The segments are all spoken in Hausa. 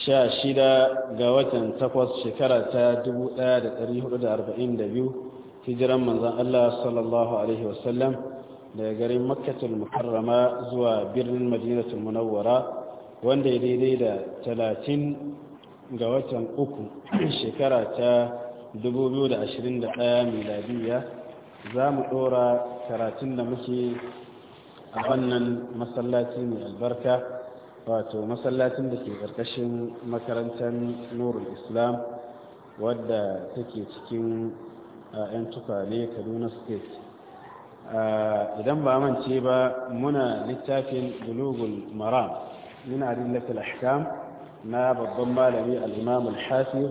sha shida ga watan takwas shekara ta 1442 hijiran manzan Allah sallallahu Alaihi wasallam daga garin makkatul mukarrama zuwa birnin madinatul munawwara wanda ya daidai da talatin ga watan uku shekara ta 2021 miladiya za mu ɗora karatun da muke a wannan masallaci mai albarka wato masallacin da ke karkashin makarantar nurul islam wadda take cikin yan tukwane kaduna state idan ba mance ba muna littafin bulugul maram min adillatul ahkam na babban malami al-imam a hafiz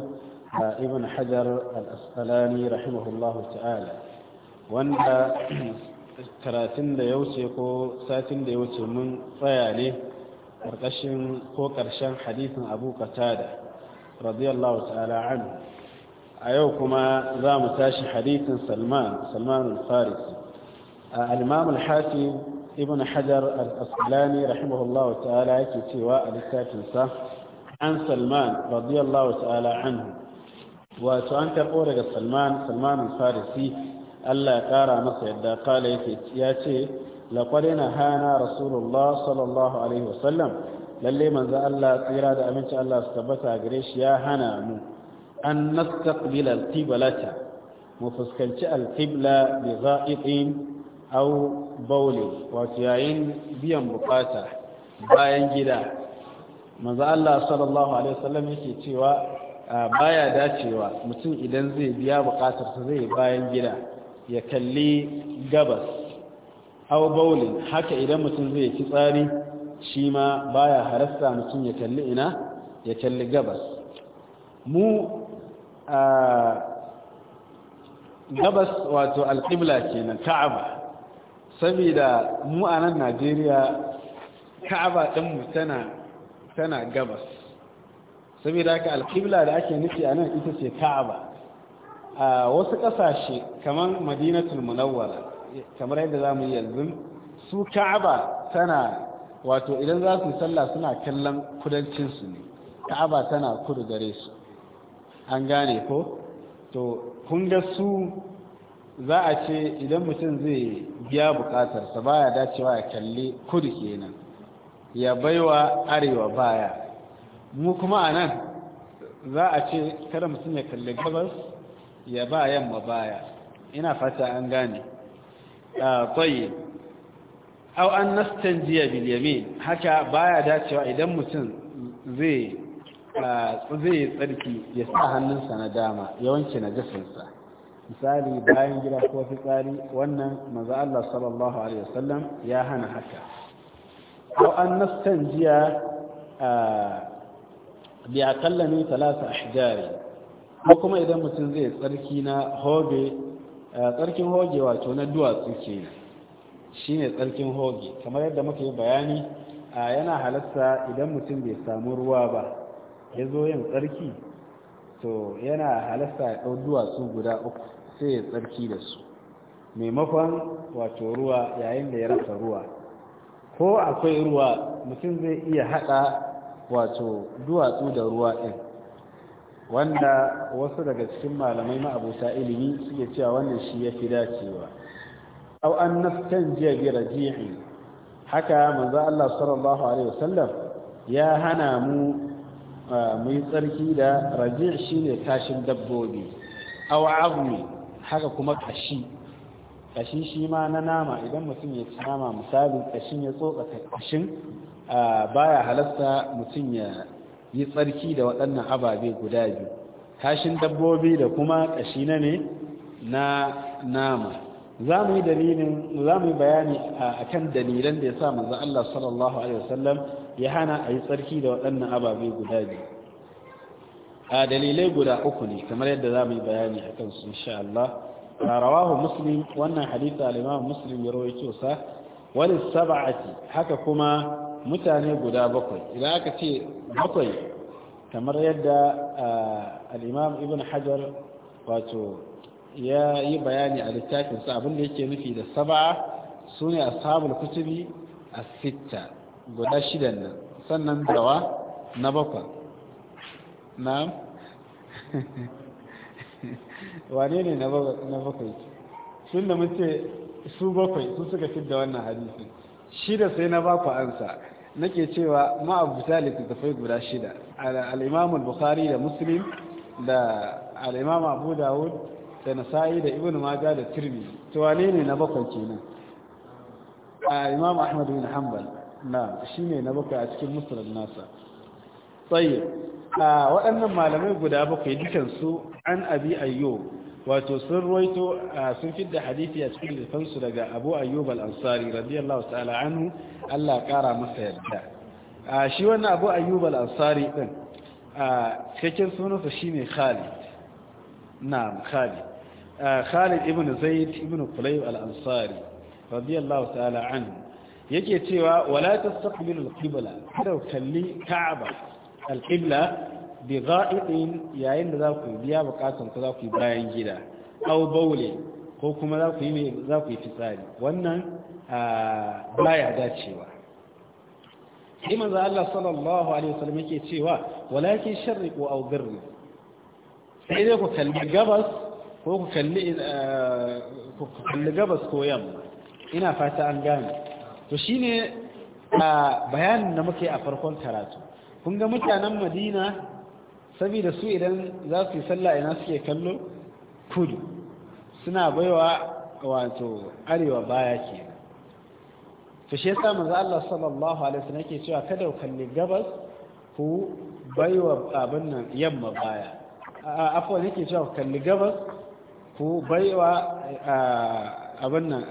ibn hajar al-asqalani rahimahullahu ta'ala wanda karatun da ya wuce ko satin da ya wuce mun tsaya ne ƙarƙashin ko karshen hadisin abu qatada radiyallahu ta'ala anhu a yau kuma za mu tashi hadisin salman salman al-farisi al-imam al-hakim ibn hajar al-asqalani rahimahullahu ta'ala yake cewa a littafinsa an salman radiyallahu ta'ala anhu wato an karɓo daga salman salman al-farisi Allah ya ƙara masa yadda kala yake ya ce na hana rasulullah sallallahu alaihi wasallam lalle manzo Allah tsira da aminci Allah su tabbata gare shi ya hana mu an nastaqbil al-qiblata mu fuskanci al-qibla bi za'iqin aw bawli wato yayin biyan bukata bayan gida manzo Allah sallallahu alaihi wasallam yake cewa baya dacewa mutum idan zai biya bukatarsa zai bayan gida ya kalli gabas au baulin haka idan mutum zai ci tsari shi ma baya harasta mutum ya kalli ina ya kalli gabas mu a gabas wato alƙibla kenan ka'aba saboda mu a nan najeriya ka'aba ɗinmu tana tana gabas saboda haka alƙibla da ake nufi a nan ita ce ka'aba a wasu ƙasashe kamar madinatul munawwara kamar yadda za mu yi yanzu su ka'aba tana wato idan za su sallah suna kallon kudancinsu ne ka'aba tana kudu gare su an gane ko to kun ga su za a ce idan mutum zai biya bukatarsa baya dacewa ya kalli kudu kenan ya baiwa arewa baya mu kuma a nan za a ce kada mutum ya kalli gabas ya ba yamma baya ina fata an gane tsaye au an nastan jiya bilyamin haka baya dacewa idan mutum zai zai tsarki ya sa hannunsa na dama ya wanke na jasinsa misali bayan gida ko fitsari wannan maza Allah sallallahu Alaihi wasallam ya hana haka au an nastan jiya bi akalla ne talata a ko kuma idan mutum zai tsarki na hobe Eh, tsarkin hoge wato na duwatsu ke shi ne tsarkin hoge kamar yadda muka yi bayani a yana halatta idan mutum bai samu ruwa ba ya zo yin tsarki to yana halatta ya ɗau duwatsu guda uku sai ya tsarki da su maimakon wato ruwa yayin da ya rasa ruwa ko akwai ruwa mutum zai iya haɗa wato duwatsu da ruwa ɗin wanda wasu daga cikin malamai ma'abuta ilimi suke cewa wannan shi ya fi dacewa au an naftan jiya bi rajihi haka manzo Allah sallallahu alaihi wasallam ya hana mu mu tsarki da rajih shine tashin dabbobi au azmi haka kuma kashi kashi shi ma na nama idan mutum ya ci nama misali kashin ya tsotsa kashin baya halasta mutum ya yi tsarki da waɗannan ababe guda biyu kashin dabbobi da kuma ƙashi na ne na nama za mu yi dalilin za mu yi bayani a kan dalilan da ya sa manzo Allah sallallahu alaihi wasallam ya hana a yi tsarki da waɗannan ababe guda biyu a dalilai guda uku ne kamar yadda za mu yi bayani a kan su insha Allah rawahu muslim wannan hadisi al-imam muslim ya rawaito sa wal sab'ati haka kuma mutane guda bakwai idan aka ce bakwai kamar yadda al'imam ibn hajar wato ya yi bayani a littafinsa abinda yake nufi da saba'a su ne sabul kutubi a sita. guda shidan nan sannan dawa na bakwai na wane ne na bakwai sun da mun ce su bakwai su suka fi da wannan hadisi shida sai na bakwa ansa nake cewa ma'abuta littattafai guda shida al'imamu bukhari da muslim da al'imamu abu dawud da nasa'i da ibn maja da tirmi wane ne na bakwai kenan al'imamu ahmad bin hanbal na shi ne na bakwai a cikin musulun nasa tsaye a waɗannan malamai guda bakwai dukansu an abi ayyo wato sun roito sun fidda hadithi a cikin littafansu daga abu ayyub al-ansari radiyallahu ta'ala anhu Allah kara masa yarda shi wannan abu ayyub al-ansari din cikin sunansa shine Khalid na'am Khalid Khalid ibn Zaid ibn Qulayb al-ansari radiyallahu ta'ala anhu yake cewa wala tastaqbilu al-qibla kada kalli ka'aba al-qibla bi ga'idin yayin da za ku biya bukatun ku za ku yi bayan gida au baule ko kuma za ku yi za ku yi fitsari wannan baya dacewa sai manzo Allah sallallahu alaihi wasallam yake cewa walakin sharriqu aw dirru sai dai ku kalli gabas ko ku kalli eh, ku kalli gabas ko yamma ina fata an gane to shine a bayanin da muke a farkon karatu kun ga mutanen Madina saboda su idan za su yi sallah ina suke kallo kudu suna baiwa wato arewa baya ke Fashe shi yasa manzo Allah sallallahu alaihi wasallam yake cewa kada ku kalli gabas ku baiwa abin nan yamma baya afwa yake cewa ku kalli gabas ku baiwa abin nan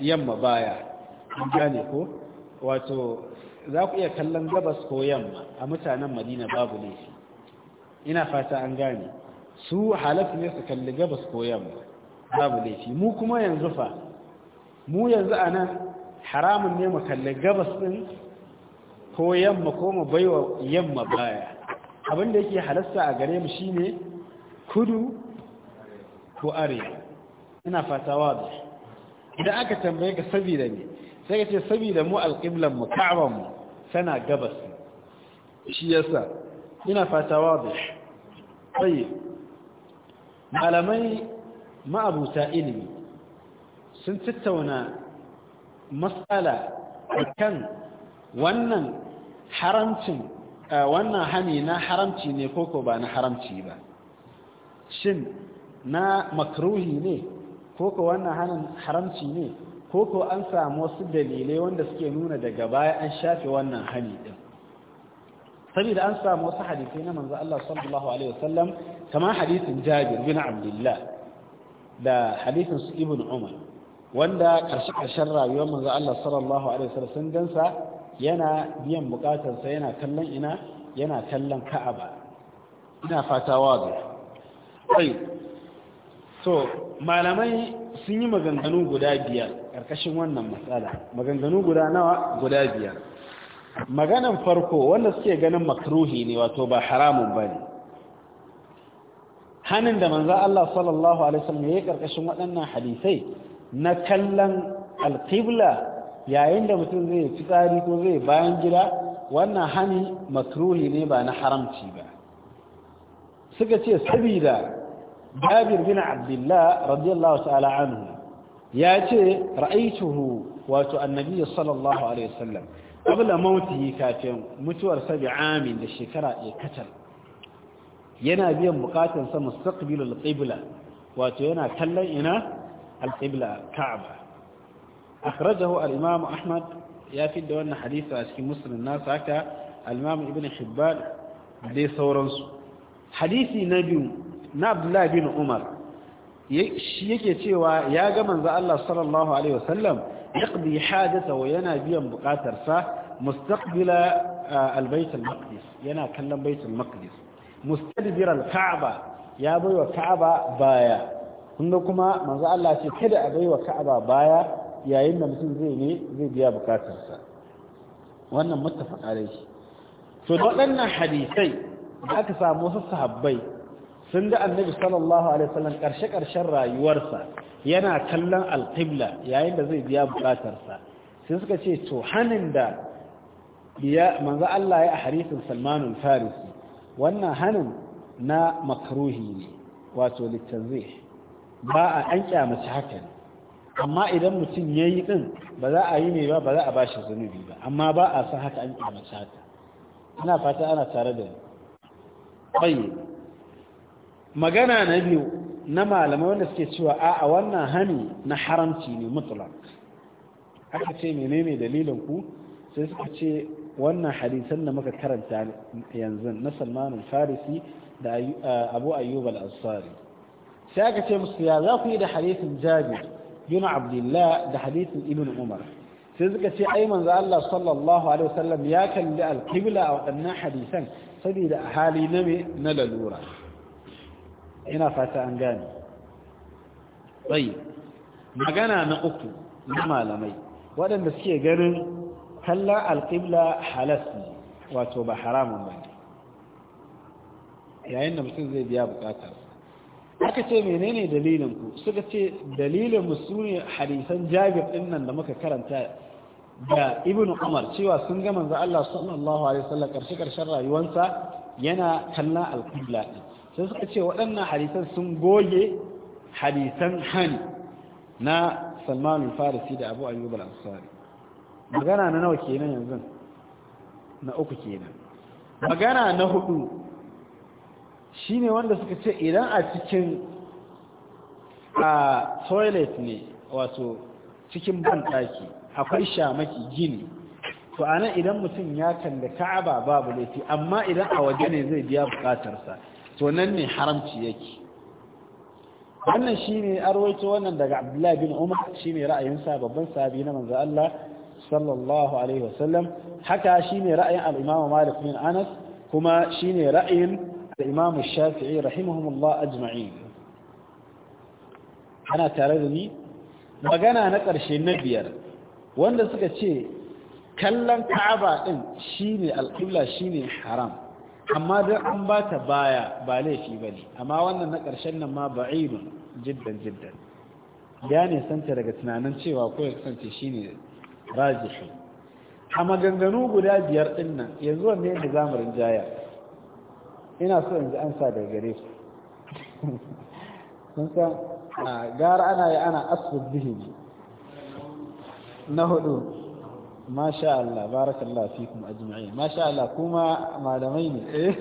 yamma baya gane ko wato za ku iya kallon gabas ko yamma a mutanen madina babu ne ina fata an gane su halatta ne su kalli gabas koyan yamma babu laifi mu kuma yanzu fa mu yanzu a nan haramun ne mu kalli gabas ɗin ko yamma ko mu baiwa yamma baya abinda yake halasta a gare mu shine kudu ko arewa ina fata wada idan aka tambaye ka saboda ne sai ka ce saboda mu alƙiblan mu ka'aban mu tana gabas shi yasa ina fata wadih tayyib malamai ma'abuta ilimi sun tattauna matsala kan wannan haramcin wannan hani na haramci ne koko ba na haramci ba shin na makruhi ne ko wannan hanin haramci ne koko an samu wasu dalilai wanda suke nuna daga baya an shafe wannan hani din saboda an samu wasu hadisai na manzo Allah sallallahu alaihi wasallam kamar hadisin Jabir bin Abdullah da hadisin su Ibn Umar wanda karshe karshen rayuwar manzo Allah sallallahu alaihi wasallam sun gansa yana biyan bukatarsa yana kallon ina yana kallon Ka'aba ina fata wazo to malamai sun yi maganganu guda biyar karkashin wannan matsala maganganu guda nawa guda biyar maganan farko wanda suke ganin makruhi ne wato ba haramun ba ne hannun da manza Allah sallallahu Alaihi wasallam ya yi ƙarƙashin waɗannan hadisai na kallon alƙibla yayin da mutum zai tsari ko zai bayan gida wannan hani makruhi ne ba na haramci ba suka ce sabida jabir bin abdullah radiyallahu ta'ala anhu ya ce ra'aituhu wato annabi sallallahu alaihi wasallam qabla mautihi kafin mutuwar sa amin da shekara ya katar yana biyan bukatun sa mustaqbilul qibla wato yana kallon ina al-qibla ka'aba akhrajahu al-imam ahmad ya fi da wannan hadisi a cikin musulun nasa haka al ibn hibban da sauransu hadisi na biyu na abdullah bin umar shi yake cewa ya ga manzo Allah sallallahu alaihi wasallam yaqdi hadatha wa yana biyan bukatarsa mustaqbila albayt almaqdis yana kallon bayt almaqdis mustadbir alka'aba ya baiwa ka'aba baya kunga kuma manzo Allah ce kada a baiwa ka'aba baya yayin da mutum zai ne zai biya bukatarsa wannan muttafaq alaihi to waɗannan hadisai da aka samu wasu sahabbai sun da annabi sallallahu alaihi wasallam karshe karshen rayuwarsa yana kallon alqibla yayin da zai biya bukatarsa sai suka ce to hanin da ya manzo Allah ya a hadisin Salman al-Farisi wannan hanin na makruhi ne wato litazih ba a an kyamaci hakan amma idan mutum yayi din ba za a yi ne ba ba za a bashi zunubi ba amma ba a san haka an kyamaci haka ina fata ana tare da ni magana na biyu na malamai wanda suke cewa a wannan hani na haramci ne mutlak aka ce menene dalilin ku sai suka ce wannan hadisan da muka karanta yanzu na salman farisi da abu ayyub al-ansari sai aka ce musu ya za ku yi da hadisin jabir bin abdullah da hadisin ibn umar sai suka ce ai manzo Allah sallallahu alaihi wasallam ya kalli al-qibla a waɗannan hadisan saboda hali na me na lalura ina fata an gane tsayi magana na uku na malamai waɗanda suke ganin kalla alƙibla halas ne wato ba haramun ba yayin da mutum zai biya bukatar aka ce menene dalilin ku suka ce dalilin musu hadisan jabir ɗinnan da muka karanta da ibnu umar cewa sun ga manzo Allah sallallahu alaihi wasallam karshe karshen rayuwarsa yana kallon alƙibla sai suka ce waɗannan hadisan sun goge hadisan hani na Salman al-Farisi da Abu Ayyub al-Ansari magana na nawa kenan yanzu na uku kenan magana na hudu shine wanda suka ce idan a cikin a toilet ne wato cikin banɗaki akwai shamaki gini to anan idan mutum ya kanda ka'aba babu laifi amma idan a waje ne zai biya bukatarsa to nan ne haramci yake wannan shine arwaito wannan daga abdullahi bin umar shine ra'ayinsa babban sahabi na manzo Allah sallallahu alaihi wasallam haka shine ra'ayin al-imam Malik bin Anas kuma shine ra'ayin al-imam Shafi'i rahimahumullah ajma'in ana tare da ni magana na ƙarshe na biyar wanda suka ce kallon Ka'aba din shine al-qibla shine haram amma dan an bata baya ba laifi bane amma wannan na ƙarshen nan ma ba'idun jiddan jiddan ya ne santa daga tunanin cewa ko ya kasance shine rajihi a maganganu guda biyar ɗin nan yanzu wanne da zamurin jaya ina so in ji ansa da gare su sun san gara ana yi ana asfud bihi na hudu masha Allah kuma a jima'i masha Allah kuma malamai ne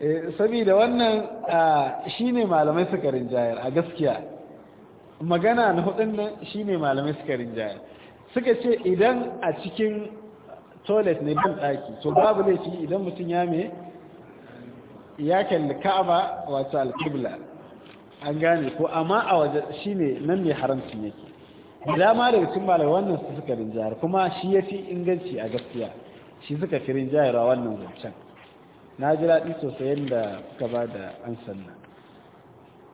eh saboda wannan shine malamai suka rinjayar a gaskiya magana na hudun nan shine malamai suka rinjaya suka ce idan a cikin toilet ne ban daki to babu laifi idan mutum ya me ya kalli ka'aba wato alqibla an gane ko amma a waje shine nan ne haramcin yake ma daga cikin malamai wannan su suka rinjayar kuma shi yafi inganci a gaskiya shi suka fi rinjayar wannan zancen na ji daɗi sosai yadda kuka ba da an sannan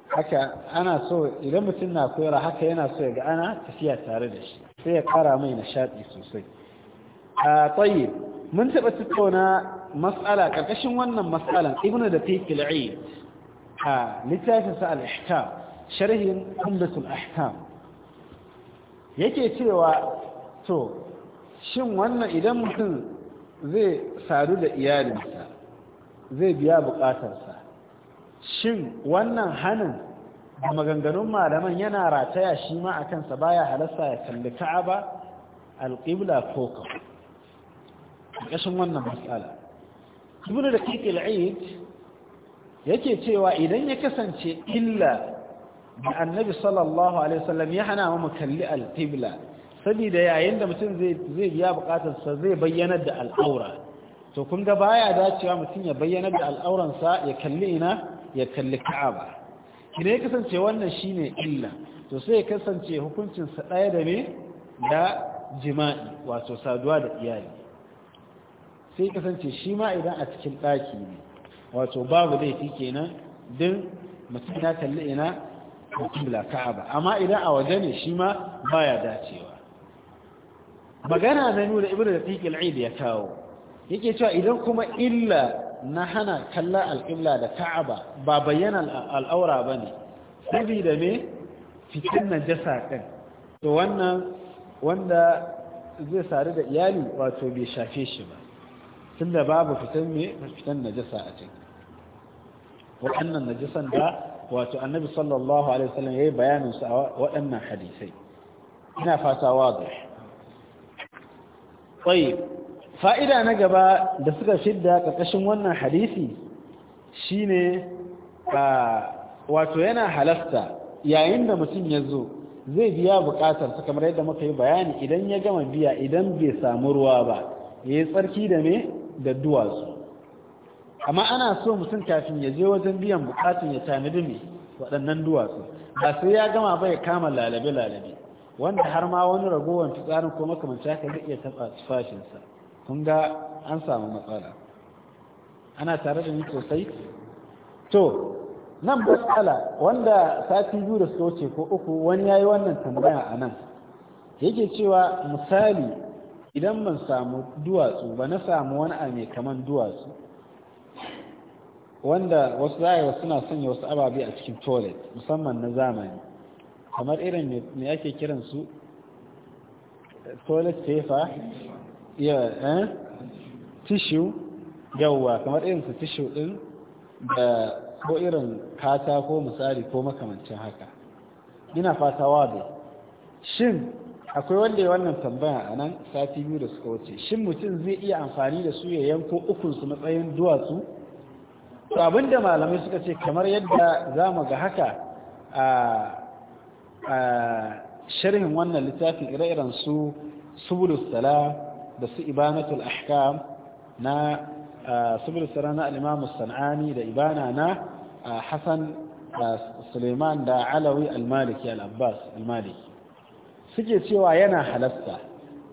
haka ana so idan mutum na koyarwa haka yana so ya ga ana tafiya tare da shi sai ya kara mai nishaɗi sosai a tsaye mun taɓa tattauna matsala ƙarƙashin wannan matsalan ibnu da fikil aid a littafinsa al sharhin umdatul ahkam yake cewa to shin wannan idan mutum zai sadu da iyalinsa zai biya buƙatarsa shin wannan hannun da maganganun malaman yana rataya shi ma a kansa baya halasta ya kalli ka'aba alƙibla ko kawo ƙashin wannan matsala ibn da ƙiƙil yake cewa idan ya kasance illa da annabi sallallahu alaihi wasallam ya hana mu kalli alƙibla saboda yayin da mutum zai biya buƙatarsa zai bayyanar da al'aura to kun ga baya dacewa mutum ya bayyanar da al'auransa ya kalli ina ya kalli ka'aba kine ya kasance wannan shine illa to sai ya kasance hukuncin sa daya da ne da jima'i wato saduwa da iyali sai kasance shi ma idan a cikin daki ne wato babu laifi kenan din mutum ya kalli ina kibla ka'aba amma idan a waje ne shi ma baya dacewa magana na nuna ibnu da tiqil ya kawo yake cewa idan kuma illa na hana kalla alƙibla da ka'aba ba bayyana al'aura ba ne sabida ne fitin najasa ɗin to wannan wanda zai sadu da iyali wato bai shafe shi ba tun da babu fitan mai fitan najasa a cikin waɗannan najasan da wato annabi sallallahu alaihi wasallam yayi bayanin su a waɗannan hadisai ina fata wazi طيب fa'ida na gaba da suka fidda ƙarƙashin wannan hadisi shi shine wato yana halasta yayin da mutum ya zo zai biya buƙatarsa kamar yadda muka yi bayani idan ya gama biya idan bai samu ruwa ba ya yi tsarki da me da duwatsu amma ana so mutum kafin ya je wajen biyan buƙatun ya tanadi ne waɗannan duwatsu ba sai ya gama bai kama lalabe-lalabe wanda har ma wani ragowar fitsarin ko makamanci haka zai iya taɓa tufashinsa kun ga an samu matsala ana tare da ni sosai to nan matsala wanda sati biyu da wuce ko uku wani ya yi wannan tambaya a nan yake cewa misali idan ban samu duwatsu ba na samu wani a mai duwatsu wanda wasu zayewa suna sanya wasu ababe a cikin toilet musamman na zamani kamar irin mai ake kiransu toilet paper ya eh? tishu yawwa kamar irin su tishu din da ko irin kata ko misali ko makamancin haka ina fata wado shin akwai wanda ya wannan tambaya a nan sati biyu da suka wuce shin mutum zai iya amfani da su ya yanko ukunsu matsayin duwatsu to abinda malamai suka ce kamar yadda za mu ga haka a sharhin wannan littafin ire-iren su subulus salam da su ibanatul ahkam na subul sara al-imam sanani da ibana na hasan suleiman da alawi al-maliki al-abbas al-maliki suke cewa yana halasta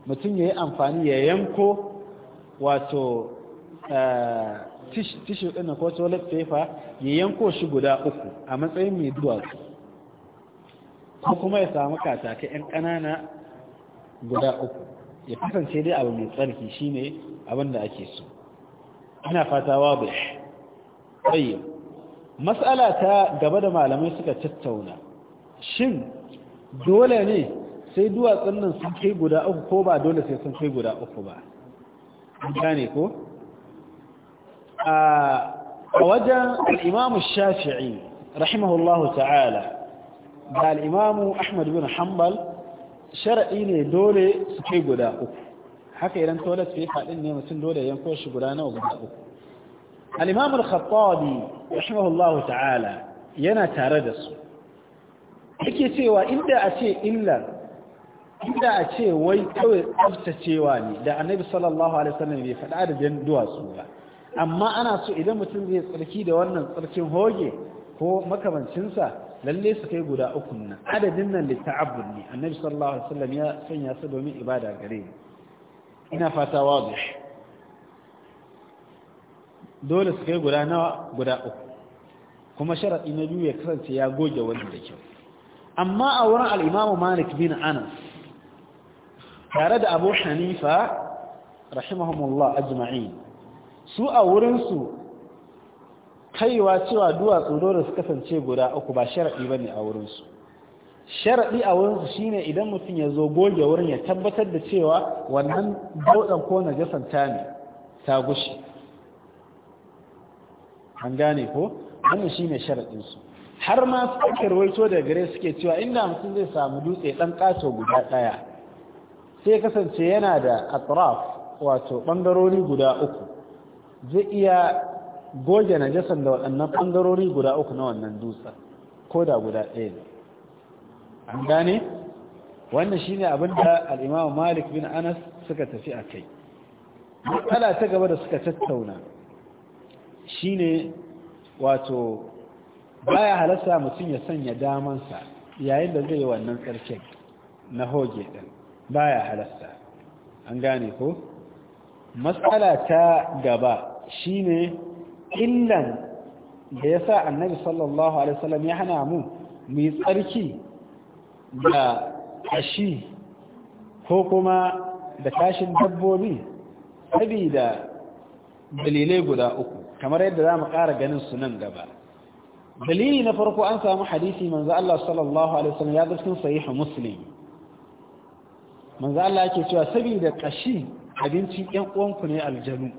mutum ya yi amfani ya yanko wato tishu ɗin ko toilet paper ya yanko shi guda uku a matsayin mai duwatsu ko kuma ya samu katakai 'yan ƙanana guda uku ya kasance dai abu mai tsarki shine abin ake so ina fata wabu tsaye matsala ta gaba da malamai suka tattauna shin dole ne sai duwatsun nan sun kai guda uku ko ba dole sai sun kai guda uku ba gane ko a wajen al'imamu shafi'i rahimahullahu ta'ala da al'imamu ahmad bin hanbal sharaɗi ne dole su kai guda uku haka idan toilet paper din ne mutum dole yanko shi guda nawa guda uku al-imam al-khattabi rahimahullahu ta'ala yana tare da su yake cewa inda a ce illar inda a ce wai kawai tsaftacewa ne da annabi sallallahu alaihi wasallam bai faɗa da jan duwatsu ba amma ana so idan mutum zai tsarki da wannan tsarkin hoge ko makamancinsa lalle su kai guda uku nan adadin nan litta'abbud ne annabi sallallahu alaihi wasallam ya sanya su domin ibada gare ni ina fata wazi dole su kai guda nawa guda uku kuma sharadi na biyu ya kasance ya goge wani da kyau amma a wurin al-Imam Malik bin Anas tare da Abu Hanifa rahimahumullah ajma'in su a wurin su kaiwa cewa duwatsu dole su kasance guda uku ba sharaɗi ba ne a wurinsu sharaɗi a wurinsu shine idan mutum ya zo goge wurin ya tabbatar da cewa wannan daudan ko na jasanta ne ta gushi an gane ko wannan shine sharaɗinsu har ma suke rawaito da gare suke cewa inda mutum zai samu dutse ɗan ƙato guda ɗaya sai kasance yana da atraf wato ɓangarori guda uku zai iya goge najasan da waɗannan ɓangarori guda uku na wannan dutsen ko da guda ɗaya ne an gane wannan ne abin da al'imamu malik bin anas suka tafi a kai matsala ta gaba da suka tattauna Shi ne, wato baya halasta mutum ya sanya damansa yayin da zai yi wannan tsarkin na hoge ɗin baya halasta an gane ko matsala ta gaba shi ne. illan da ya sa annabi sallallahu alaihi wasallam ya hana mu mu tsarki da ƙashi ko kuma da kashin dabbobi saboda dalilai guda uku kamar yadda za mu ƙara ganin su nan gaba dalili na farko an samu hadisi manzo Allah sallallahu alaihi wasallam ya gaskin sahihu muslim manzo Allah yake cewa saboda kashi abinci ƴan uwanku ne aljanu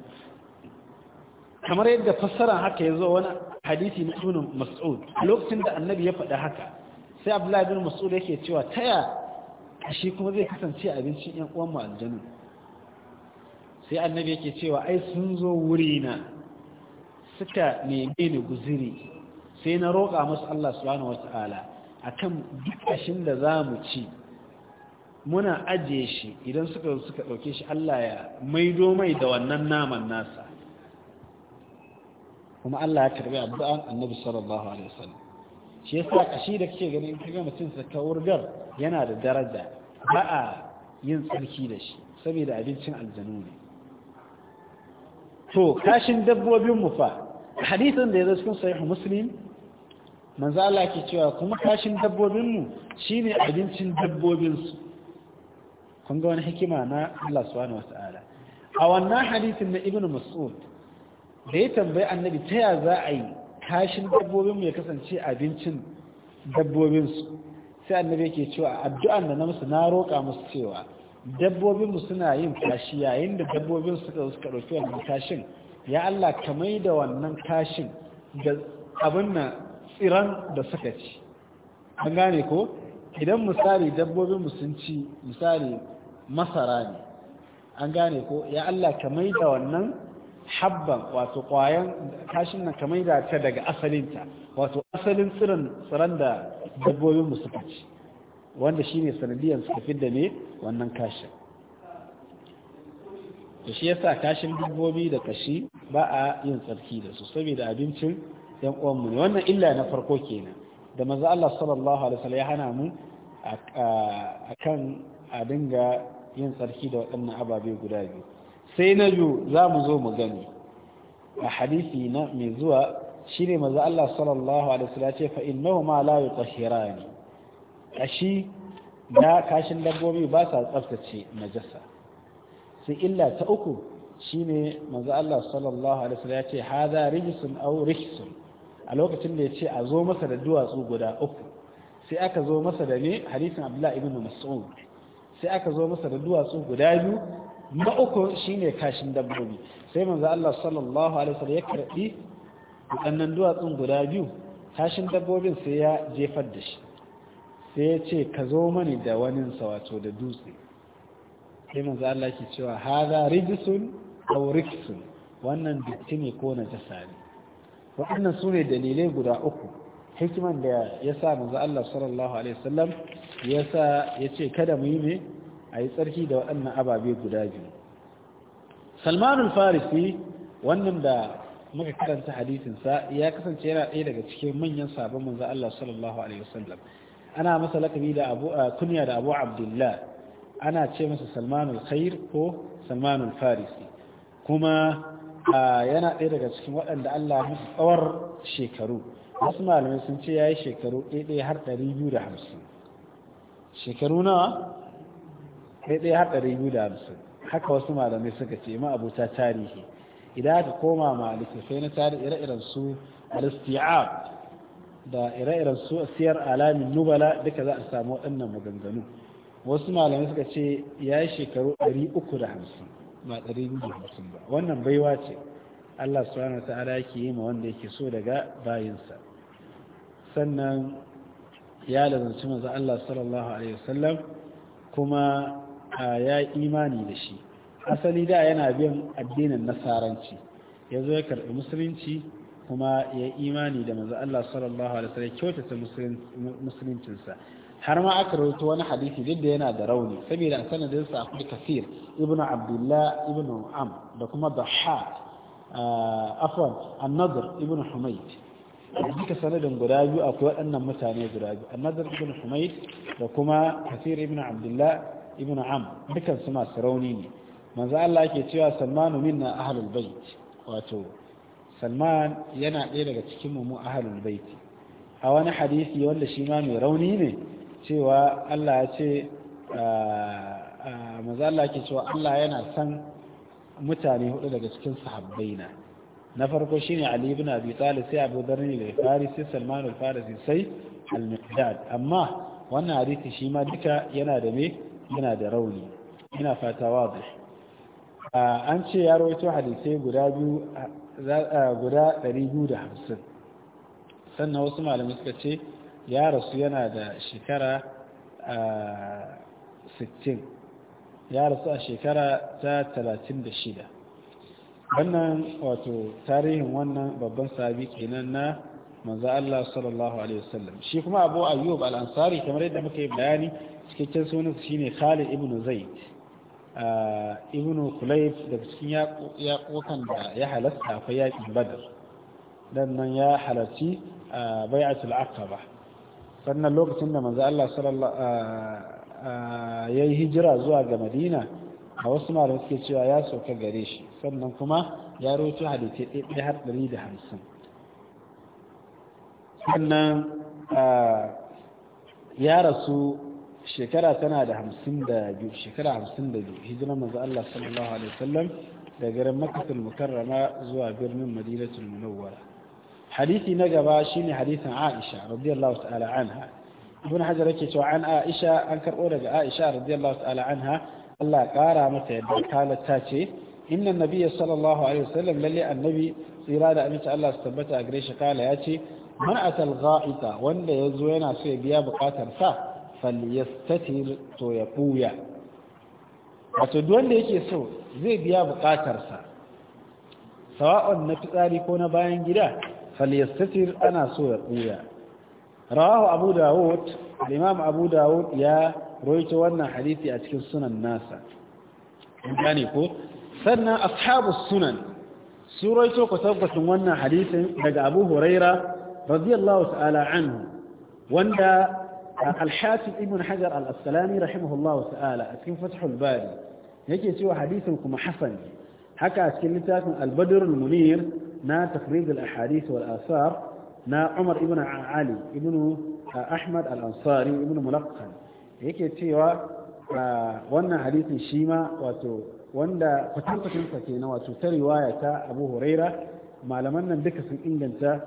kamar yadda fassara haka ya zo wani hadisi na ibn mas'ud lokacin da annabi ya faɗa haka sai abdullahi ibn mas'ud yake cewa taya shi kuma zai kasance abincin yan uwan mu aljanu sai annabi yake cewa ai sun zo wuri na suka neme ni guziri sai na roƙa musu Allah subhanahu wata'ala akan duk kashin da za mu ci muna ajiye shi idan suka suka ɗauke shi Allah ya maido mai da wannan naman nasa kuma Allah ya karbi addu'an annabi sallallahu alaihi wasallam shi yasa kashi da kake ganin in kaga mutum sa ta wurgar yana da daraja ba a yin tsarki da shi saboda abincin aljanu ne to kashin dabbobin mu fa hadisin da ya cikin sahih muslim manzo Allah ke cewa kuma kashin dabbobin mu shine abincin dabbobin su kun ga wani hikima na Allah subhanahu wataala a wannan hadisin na ibnu mas'ud da ya tambayi annabi ta ya za a yi kashin dabbobin ya kasance abincin dabbobinsu sai annabi ke cewa addu'an da na musu na roƙa musu cewa dabbobinmu suna yin kashi yayin da dabbobin suka suka ɗauki wannan kashin ya Allah ka mai da wannan kashin da abin na tsiran da suka ci an gane ko idan misali dabbobinmu sun ci misali masara ne an gane ko ya Allah ka mai da wannan habban wato kwayan kashin nan kamar da ta daga asalinta wato asalin tsirin tsiran da dabbobin mu suka ci wanda shine sanadiyan suka da ne wannan kashin to shi yasa kashin dabbobi da kashi ba a yin tsarki da su saboda abincin yan uwan ne wannan illa na farko kenan da maza Allah sallallahu alaihi wasallam ya hana mu akan a dinga yin tsarki da waɗannan ababe guda biyu sai na biyu za mu zo mu gani a hadisi na mai zuwa shi ne maza Allah sallallahu alaihi wasallam ce fa innahuma la yutahhirani kashi na kashin dabbobi ba sa tsaftace najasa sai illa ta uku shi ne maza Allah sallallahu alaihi wasallam ya ce hadha rijsun aw rijsun a lokacin da ya ce a zo masa da duwatsu guda uku sai aka zo masa da ne hadisin Abdullah ibn Mas'ud sai aka zo masa da duwatsu guda biyu ma uku shine kashin dabbobi sai manzo Allah sallallahu alaihi wasallam ya karbi waɗannan duwatsun guda biyu kashin dabbobin sai ya jefar da shi sai ya ce ka zo mani da wani wato da dutse sai manzo Allah ke cewa hada rijsun aw riksun wannan dutse ne ko na jasa ne waɗannan su dalilai guda uku hikiman da yasa sa manzo Allah sallallahu alaihi wasallam ya sa kada mu yi ne a yi tsarki da waɗannan ababe guda biyu salmanul farisi wannan da muka karanta hadisinsa ya kasance yana ɗaya daga cikin manyan sabon manzo Allah sallallahu alaihi wasallam ana masa lakabi da abu kunya da abu abdullah ana ce masa salmanul khair ko salmanul farisi kuma yana ɗaya daga cikin waɗanda Allah musu tsawar shekaru wasu malamai sun ce ya shekaru ɗaya har ɗari biyu da hamsin shekaru nawa sai ɗaya har ɗari biyu da hamsin haka wasu malamai suka ce ma abuta tarihi idan aka koma ma sai na tarihi ire-iren su al da ire-iren su siyar alamin nubala duka za a samu waɗannan maganganu wasu malamai suka ce ya yi shekaru ɗari uku da hamsin, ba hamsin ba wannan baiwa ce Allah subhanahu wa ta'ala yake yi ma wanda yake so daga bayinsa sannan ya lazanci manzo Allah sallallahu alaihi wasallam kuma ya imani da shi asali da yana bin addinin nasaranci ya zo ya karɓi musulunci kuma ya imani da manzo Allah sallallahu alaihi wasallam kyautata musuluncinsa har ma aka rawaito wani hadisi duk yana da rauni saboda a sanadin sa akwai kasir ibnu abdullah ibnu am da kuma dhahhak afwan an-nadr ibnu humayd duka sanadin guda biyu akwai waɗannan mutane guda biyu an-nadr ibnu humayd da kuma kasir ibnu abdullah ibn am dukkan su masu rauni ne manzo Allah yake cewa salmanu minna ahlul bait wato salman yana ɗaya daga cikin mu mu ahlul bait a wani hadisi wanda shi ma mai rauni ne cewa Allah ya ce manzo Allah yake cewa Allah yana san mutane hudu daga cikin sahabbaina na farko shine Ali ibn Abi Talib sai Abu darni al sai Salman al-Farisi sai al-Miqdad amma wannan hadisi shi ma duka yana da me yana da rauni ina fata wazi an ce ya rawaito hadisai guda biyu guda 250 sannan wasu malamai suka ce ya rasu yana da shekara 60 ya rasu a shekara ta 36 wannan wato tarihin wannan babban sabi kenan na manzo Allah sallallahu alaihi wasallam shi kuma Abu Ayyub al-Ansari kamar yadda muka yi bayani cikakken sunansa shine Khalid ibn Zaid ah, ibn Kulayb daga cikin yaƙoƙan da ya halasta akwai yaƙin Badar dan nan ya halarci ah, bai'atul Aqaba sannan lokacin da manzo Allah sallallahu ah, ya yi hijira zuwa ga Madina a wasu malamai suke cewa ya sauka gare shi sannan kuma ya hadisi ɗaya har ɗari da hamsin sannan ya rasu shekara tana da hamsin da biyu shekara hamsin da biyu hijirar manzo Allah sallallahu alaihi wasallam da garin makatul mukarrama zuwa birnin madinatul munawwara hadisi na gaba shine hadisin Aisha radiyallahu ta'ala anha ibn hajar yake cewa an Aisha an karbo daga Aisha radiyallahu ta'ala anha Allah kara mata yadda kala ta ce inna nabiyya sallallahu alaihi wasallam lalle annabi tsira da aminci Allah su tabbata a gare shi kala ya ce man atal gha'ita wanda yazo yana so ya biya bukatar sa falyastatir to ya buya wato duk wanda yake so zai biya bukatarsa sawa'un na fitsari ko na bayan gida falyastatir ana so ya buya rawahu abu dawud al abu dawud ya roito wannan hadisi a cikin sunan nasa gane ko sannan ashabus sunan su roito ku tabbatin wannan hadisin daga abu huraira radiyallahu ta'ala anhu wanda a alhafiz ibn hajar al-assalami rahimahullahu ta'ala a cikin fathul bari yake cewa hadisin kuma hasan haka a cikin littafin al-badr na tafrid al-ahadith wal asar na umar ibn ali ibn ahmad al-ansari ibn mulaqqan yake cewa wannan hadisin shi ma wato wanda kwatankwacin sa kenan wato ta riwaya ta abu huraira malaman nan duka sun inganta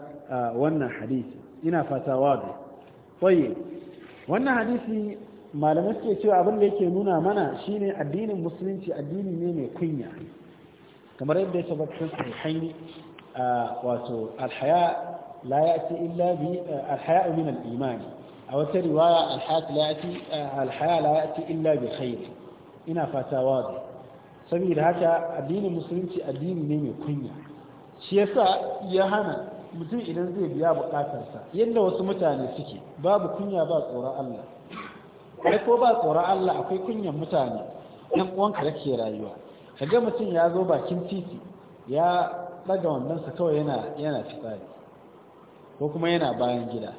wannan hadisi ina fasa wadu tayyib wannan hadisi malamai suke cewa abin da yake nuna mana shine addinin musulunci addini ne mai kunya kamar yadda ya tabbatar sahihaini wato alhaya la ya'ti illa bi alhaya min al-iman a wata riwaya alhaya la ya'ti illa bi khair ina fata wazi saboda haka addinin musulunci addini ne mai kunya shi yasa ya hana mutum idan zai biya bukatarsa yadda wasu mutane suke babu kunya ba tsoron Allah kai ko ba tsoron Allah akwai kunyan mutane ɗan uwanka da ke rayuwa kaga mutum ya zo bakin titi ya ɗaga sa kawai yana yana fitsari ko kuma yana bayan gida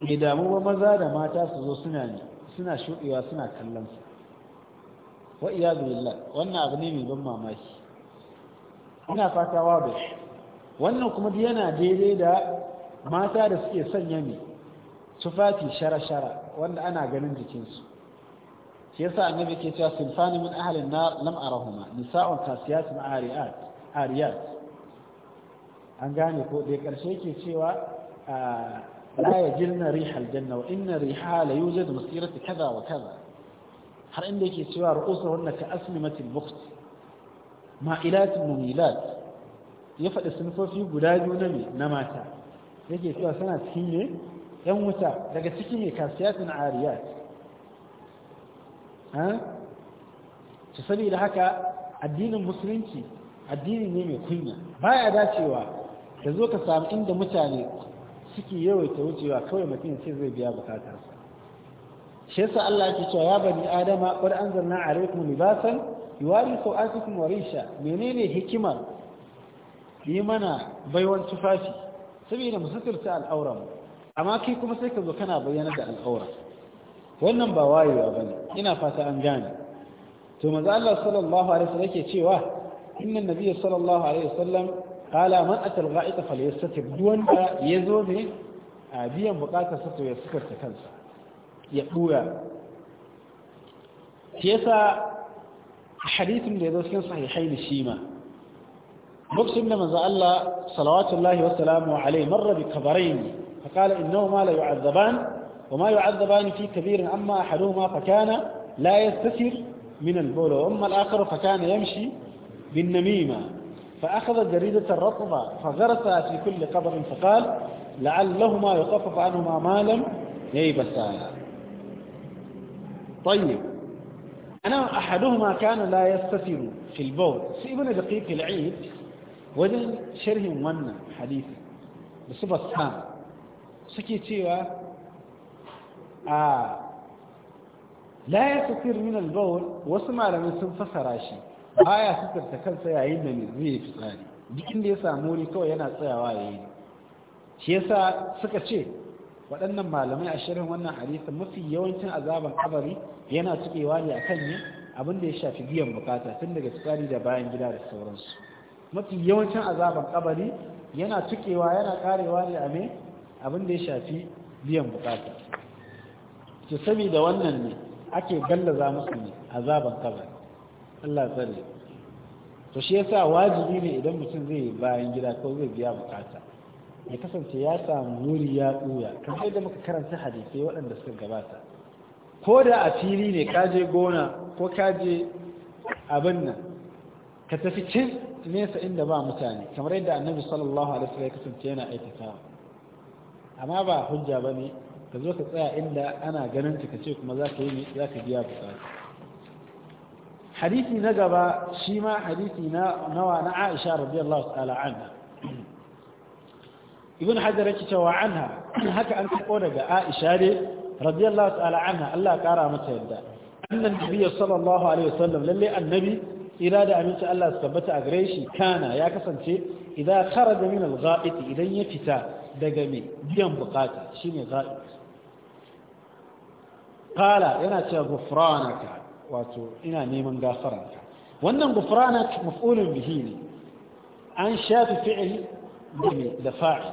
mai damuwa maza da mata su zo suna ne suna shuɗewa suna kallon su wa iyadu billah wannan abu ne mai ban mamaki ina fata wa bai wannan kuma yana daidai da mata da suke sanya mai tufafi shara-shara wanda ana ganin jikinsu shi yasa annabi ke cewa sinfani min ahalin na lam arahuma nisa'un kasiyatun ariyat an gane ko dai karshe ke cewa ah, la yajilna rihal janna wa inna riha la yujadu masirati kaza wa kaza har inda yake cewa ru'usuhunna ka asmimatil bukht ma'ilatin mumilat ya faɗi sunfofi guda biyu na na mata yake cewa suna cikin ne yan wuta daga ciki ne kasiyatun ariyat ta saboda haka addinin musulunci addini ne mai kunya baya dacewa da zo ka samu inda mutane suke yawaita wucewa kawai mutum ya ce zai biya bukatarsa shi yasa Allah yake cewa ya bani adama qad anzalna alaykum libasan yuwari sawatikum warisha menene hikimar yi mana baiwan tufafi saboda mu suturta al'aura mu amma kai kuma sai ka zo kana bayyana da al'aura wannan ba wayewa ne, ina fata an gane to maza Allah sallallahu alaihi wasallam yake cewa inna nabiyyi sallallahu alaihi wasallam qala man ata al-gha'ita falyastatib duwan yazo ne a biyan bukatar sa to ya sukarta kansa ya dura yasa hadisin da yazo cikin sahihaini shi ma مبسم لما زال صلوات الله وسلامه عليه مر بكبرين فقال إنهما لا يعذبان وما يعذبان في كبير أما أحدهما فكان لا يستسر من البول وأما الآخر فكان يمشي بالنميمة فأخذ جريدة الرطبة فغرسها في كل قبر فقال لعلهما يخفف عنهما ما لم يبسا طيب أنا أحدهما كان لا يستسر في البول سيبنا دقيق العيد wajen sharhin wannan hadisi da su basan suke cewa a laye sufir wasu malamai sun fasara shi baya sukarta kansa yayin da mai zai tsari, duk inda ya samu wuri kawai yana tsayawa ya yayi shi yasa suka ce waɗannan malamai a shirin wannan hadisi mafi yawancin azaban kabari yana cikewa ne akan ne abin da ya shafi biyan bukata tun daga tsari da bayan gida da sauransu mafi yawancin azaban kabari yana tukewa yana karewa ne a me abin ya shafi biyan bukata sami da wannan ne ake gallaza musu ne azaban kabari Allah tsari to shi yasa wajibi ne idan mutum zai bayan gida ko zai biya bukata ya kasance ya samu wuri ya tsuya kamar yadda muka karanta hadisai waɗanda suka gabata ko da a fili ne kaje gona ko kaje abin nan ka tafi can nesa inda ba mutane kamar yadda annabi sallallahu alaihi wasallam ya kasance yana aikata amma ba hujja bane ka zo ka tsaya inda ana ganin ka ce kuma za ka yi za ka biya bukata hadisi na gaba shi ma hadisi na nawa na Aisha radiyallahu ta'ala anha ibn hajar yake cewa anha haka an kawo daga Aisha ne radiyallahu ta'ala anha Allah ya kara mata yadda annan nabi sallallahu alaihi wasallam lalle annabi tsira da aminci Allah su tabbata a gare shi kana ya kasance idan kharaja min al idan ya fita daga me biyan bukata shine gha'it Kala yana cewa ghufranaka wato ina neman gafaranka wannan ghufranak maf'ulun bihi ne an shafi fi'li da da fa'il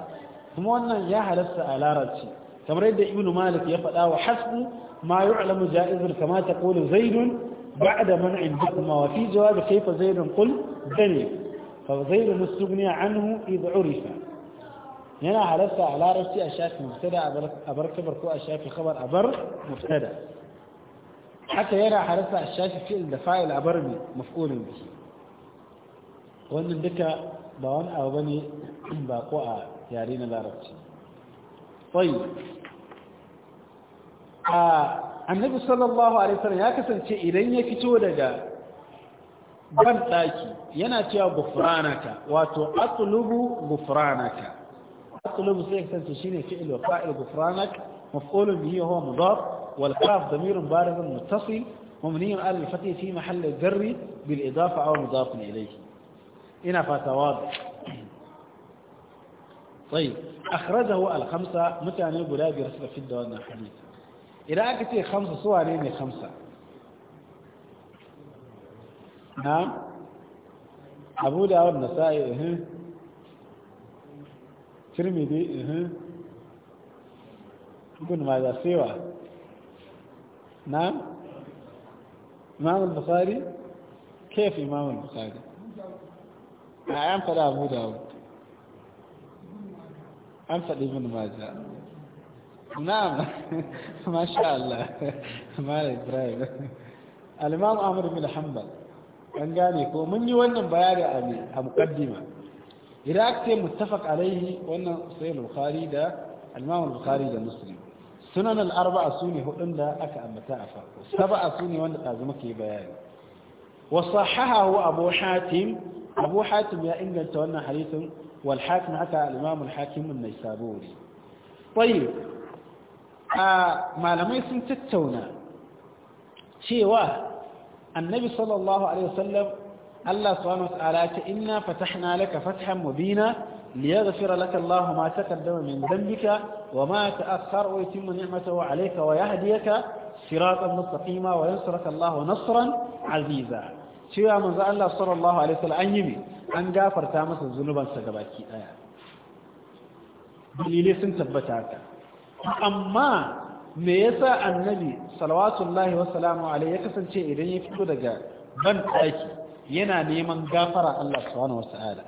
kuma wannan ya halasta a larabci kamar yadda ibnu malik ya faɗa wa hasbu ma yu'lamu ja'izun kama taqulu zaidun بعد منع عندكما وفي جواب كيف زيد قل بني فزيد مستغني عنه إذ عرف هنا عرفت على رأسي أشاك مبتدا أبر كبر كو أشاك خبر أبر مبتدا حتى هنا عرفت أشاف في دفاعل أبر مفقول به وأن duka بوان أو بني باقوة ne ba ko a annabi sallallahu alaihi wasallam ya kasance idan ya fito daga ban taki yana cewa gufranaka wato atlubu gufranaka atlubu sai kasance shine fi'il wa fa'il gufranak maf'ul bihi huwa mudaf wal qaf damir barid muttasil مبني على الفتح في محل الجر بالإضافة أو مضاف إليه هنا فتواضح طيب أخرجه الخمسة متعنى بلاد رسل في الدوان الحديث idan aka ce hamsa suwa ne ne hamsa na abu da wadda sa'i ihin tirmidhi ihin ma maza sewa na imam al-bukhari kayf imam al-bukhari a an fada abu da an faɗi ma maza نعم ما شاء الله ما عليك رايب الإمام عمر بن حنبل كان قال لي ومن يوان بيار علي مقدمة إذا أكثر متفق عليه وأن صحيح البخاري ده الإمام البخاري ده المسلم سنن الأربعة سوني هو أن لا أكا أمتاع فاقه سبع سوني وأن قازمك يبيار وصححه هو أبو حاتم أبو حاتم يا إنجل تولنا حديثم والحاكم حتى الإمام الحاكم النيسابوري طيب a malamai sun tattauna cewa annabi sallallahu alaihi wasallam Allah subhanahu wa ta'ala ta inna fatahna laka fathan mubina liyaghfira laka Allah ma taqaddama min dhanbika wa ma ta'akhkhara wa yutimma ni'matahu 'alayka wa yahdiyaka siratan mustaqima wa yansuraka Allah nasran 'aziza cewa manzo Allah sallallahu alaihi wasallam an yi an gafarta masa zunubansa gabaki daya dalilai sun tabbata haka amma me yasa annabi salawatullahi wa salamu alaihi ya kasance idan ya fito daga ban daki yana neman gafara Allah subhanahu wa ta'ala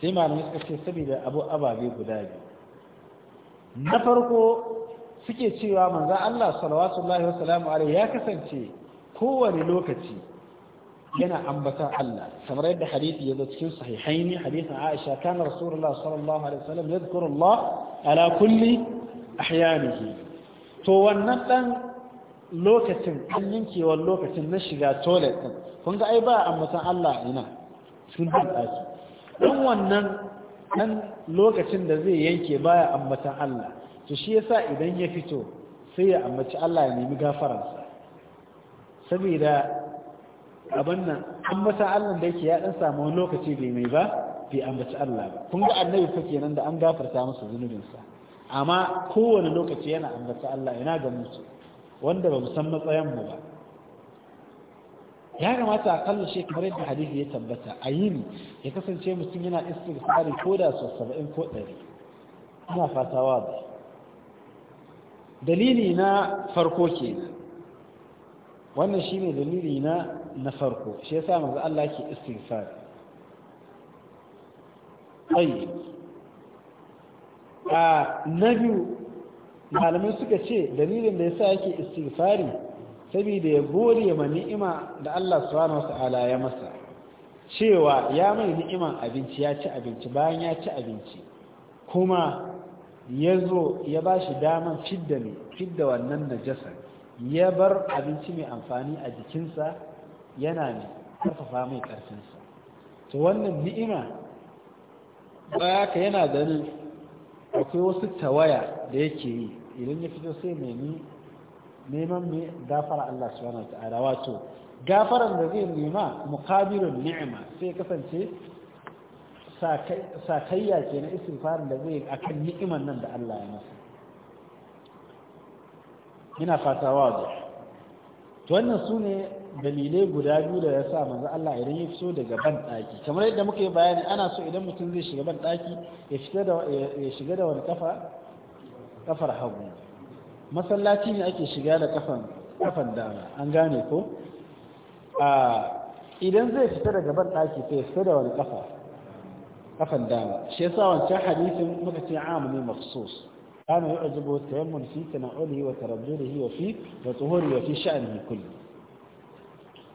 sai malamai suka ce saboda abu ababe guda biyu na farko suke cewa manzo Allah salawatullahi wa salamu alaihi ya kasance kowane lokaci yana ambata Allah kamar yadda hadisi ya zo cikin sahihaini hadisin Aisha kana Rasulullah sallallahu alaihi wasallam yadhkuru Allah ala kulli ahyanihi to wannan dan lokacin an yankewar lokacin na shiga toilet din kun ga ai ba ambatan Allah ina sun bin ɗaki dan wannan dan lokacin da zai yanke baya ambatan Allah to shi yasa idan ya fito sai ya ambaci Allah ya nemi gafararsa saboda abin nan ambatan Allah da yake ya dan samu lokaci bai mai ba bai ambaci Allah ba kun ga annabi fa kenan da an gafarta masa zunubinsa amma kowane lokaci yana ambata Allah ina ga mutu, wanda ba san matsayin mu ba ya kamata a kallon shi kamar yadda hadisi ya tabbata a yini ya kasance mutum yana istighfari ko da sau saba'in ko ɗari ina fatawa ba dalili na farko ke. wannan ne dalili na na farko shi yasa manzo Allah ke istighfar tayyib a na biyu malamai suka ce dalilin da ya sa yake istighfari saboda ya gode ma ni'ima da Allah subhanahu wata'ala ya masa cewa ya mai ni'iman abinci ya ci abinci bayan ya ci abinci kuma ya zo ya ba shi daman fidda ne fidda wannan najasa ya bar abinci mai amfani a jikinsa yana ne karfafa mai karfinsa to wannan ni'ima ba ka yana ganin akwai wasu tawaya da yake yi idan ya fito sai nemi neman mai gafara Allah subhanahu ta'ala wato gafaran da zai nema mukabirin ni'ima sai kasance sakayya ke na farin da zai akan ni'iman nan da Allah ya masa ina fata wazo wannan wannan ne. dalilai guda biyu da ya sa manzo Allah idan ya fito daga ban daki kamar yadda muka yi bayani ana so idan mutum zai shiga ban daki ya fita da ya shiga da wani kafa kafar hagu masallaci ne ake shiga da kafan kafan dama an gane ko a idan zai fita daga ban daki sai ya fita da wani kafa kafan dama shi yasa wancan hadisin muka ce amu ne makhsus kana yu'jibu tayammun fi tana'ulihi wa tarajjulihi wa fi wa tuhuri wa fi sha'ni kulli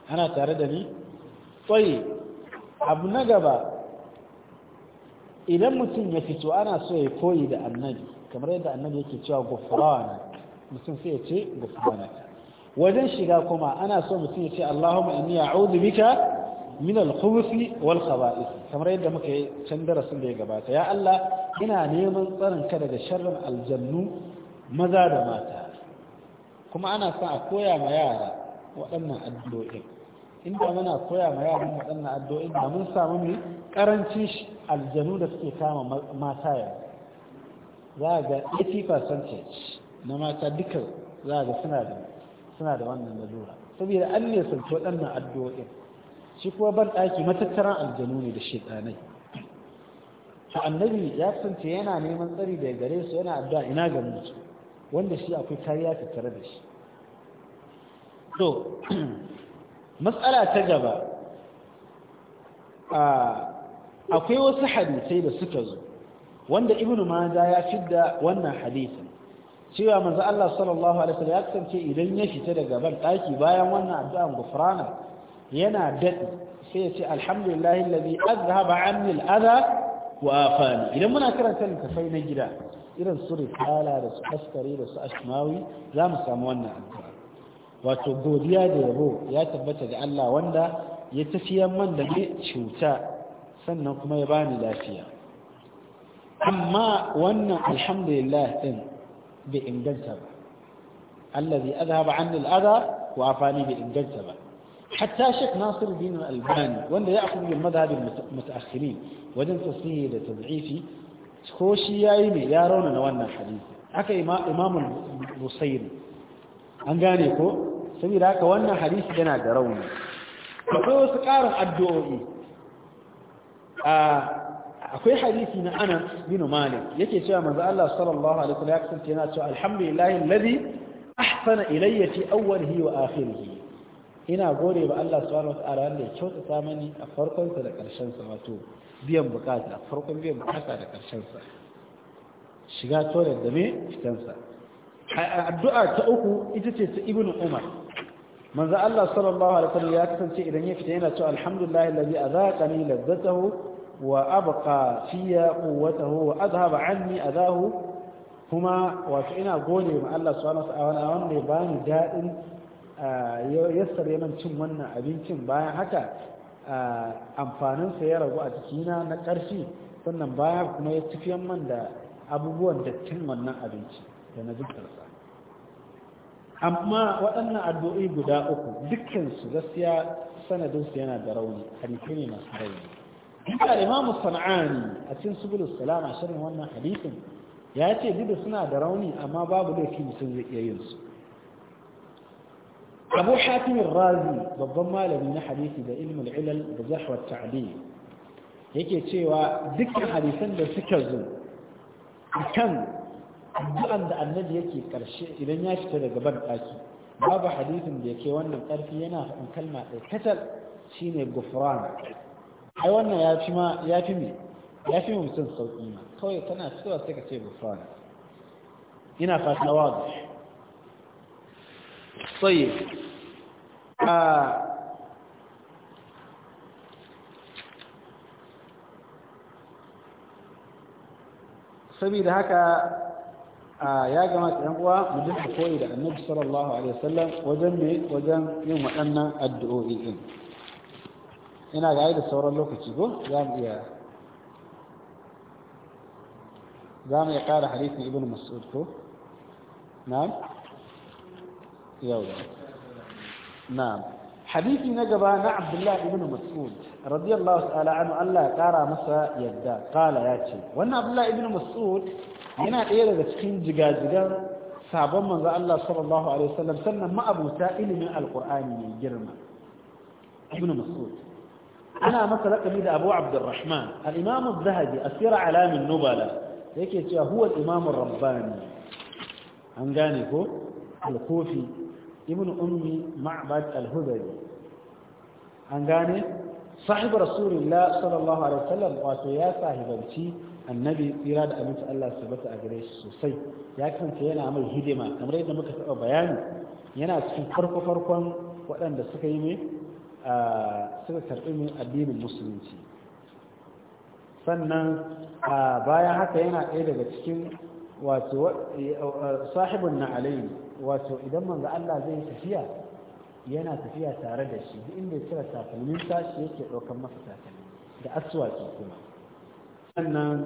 ana tare da ni tsaye abu na gaba idan mutum ya fito ana so ya koyi da annabi kamar yadda annabi yake cewa gufrawana mutum sai ya ce gufrawana wajen shiga kuma ana so mutum ya ce Allahumma inni a'udhu bika min al-khubuthi wal khaba'ith kamar yadda muka yi can darasin da ya gabata ya Allah ina neman tsarin ka daga sharrin aljannu maza da mata kuma ana son a koya ma yara waɗannan addu'o'in inda muna koya ma yaran waɗannan addu'o'in da mun samu ne ƙarancin aljanu da suke kama mata ya za ga 80% na mata duka za ga suna da suna da wannan lalura saboda an ne sun waɗannan addu'o'in shi kuma ban ɗaki matattaran aljanu ne da shekanai to annabi ya kasance yana neman tsari da gare su yana addu'a ina ga mutu wanda shi akwai kariya tattare da shi to matsala ta gaba akwai wasu hadisai da suka zo wanda ibnu maza ya fidda wannan hadisin cewa manzo Allah sallallahu alaihi wasallam ya kasance idan ya fita daga ban daki bayan wannan addu'an gufrana yana dadi sai ya ce alhamdulillahi alladhi azhaba anni al-adha wa afani idan muna karanta littafai na gida irin su risala da su askari da su ashmawi za mu samu wannan addu'a wato godiya da yabo ya tabbata ga Allah wanda ya tafiya man da ne cuta sannan kuma ya bani lafiya amma wannan alhamdulillah din bai inganta ba allazi azhaba anni al'adha ko afani bai inganta ba hatta shek nasir bin albani wanda ya akhudhu bil madhhab al wajen tasnihi da tad'ifi ko shi yayi ne ya rauna na wannan hadisi aka imam al an gane ko saboda haka wannan hadisi yana da rauni akwai wasu ƙarin addu'o'i akwai hadisi na anas bin malik yake cewa manzo Allah sallallahu alaihi wasallam ya kasance yana cewa alhamdulillahi alladhi ahsana ilayya fi awwalihi wa akhirihi ina gode ba Allah subhanahu wataala wanda ya kyautata mani a farkon sa da karshen sa wato biyan bukata farkon biyan bukata da karshen sa shiga tore da me fitan sa addu'a ta uku ita ce ta ibnu umar manzo Allah sallallahu alaihi wasallam ya kasance idan ya fita yana cewa alhamdulillahi allazi azaqani ladzatahu wa abqa fiya quwwatahu wa adhhaba anni adahu kuma wato ina gode ma Allah subhanahu wa ta'ala wanda ya bani dadin eh, yassar man cin wannan abincin bayan haka eh, amfaninsa ya ragu a jikina na ƙarfi sannan baya kuma ya tafiyan man da abubuwan dattin wannan abinci da na jikarsa amma waɗannan addu'o'i guda uku dukkansu gaskiya sanadinsu yana da rauni hadisi ne masu rauni duka imamu sana'ani a cikin subulus salama shirin wannan hadisin ya ce duk suna da rauni amma babu laifi mutum zai iya yin su abu hatimin razi babban malami na hadisi da ilmul ilal da zahwar ta'adi yake cewa dukkan hadisan da suka zo akan addu'an da annabi yake karshe idan ya fita daga ban daki babu hadisin da yake wannan karfi yana faɗin kalma ɗaya katal shine gufran ai wannan ya fi ma ya fi me ya fi mutum sauƙi ma kawai tana fitowa sai ka ce gufran ina fata wazi sai a saboda haka ya gamata yan uwa mu dinga koyi da annabi sallallahu alaihi wasallam wajen me wajen yin waɗannan addu'o'i din ina ga da sauran lokaci ko za mu iya za mu iya ƙara hadisin ibn mas'ud ko na'am yau na'am hadisi na gaba na abdullahi ibn mas'ud radiyallahu ta'ala anhu Allah ya kara masa yadda qala ya ce wannan abdullahi ibn mas'ud yana ɗaya daga cikin jigajigan sabon manzo Allah sallallahu alaihi wasallam sannan ma'abuta ilimin alqur'ani ne girma ibn mas'ud ana masa laqabi da Abu Abdurrahman al-Imam az-Zahabi asira alamin nubala yake cewa huwa al-Imam ar-Rabbani an gane ko al-Kufi ibn Ummi Ma'bad al-Hudali an gane sahib rasulullah sallallahu alaihi wasallam wato ya sahibanci annabi tsira da abinci Allah su bata a gare shi sosai ya kanta yana mai hidima kamar yadda muka taɓa bayani yana cikin farko-farkon waɗanda suka yi mai suka karɓi mai addinin musulunci sannan a bayan haka yana ɗaya daga cikin wato e, sahibin na alayi wato idan manzo Allah zai tafiya yana tafiya tare da shi duk inda ya cire takalminsa shi yake ɗaukar masa takalmi da aswaki kuma sannan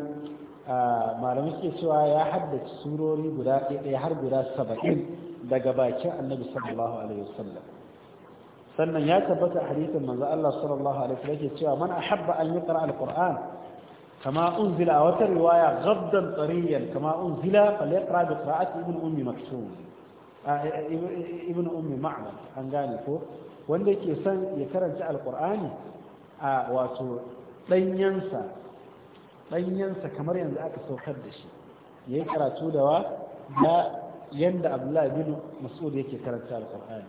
malamai suke cewa ya haddace surori guda ɗaya har guda saba'in daga bakin annabi sallallahu alaihi wasallam sannan ya tabbata hadisin manzo Allah sallallahu alaihi wasallam yake cewa man ahabba an yaqra alquran kama unzila a wata riwaya ghaddan tariyan kama unzila falyaqra bi qira'ati ibn ummi maktum e, e, ibn ummi ma'mal an gane ko wanda yake son ya karanta alqur'ani a wato danyansa ɗanyensa kamar yanzu aka saukar da shi ya yi karatu da wa na yadda abdullahi bin mas'ud yake karanta alƙur'ani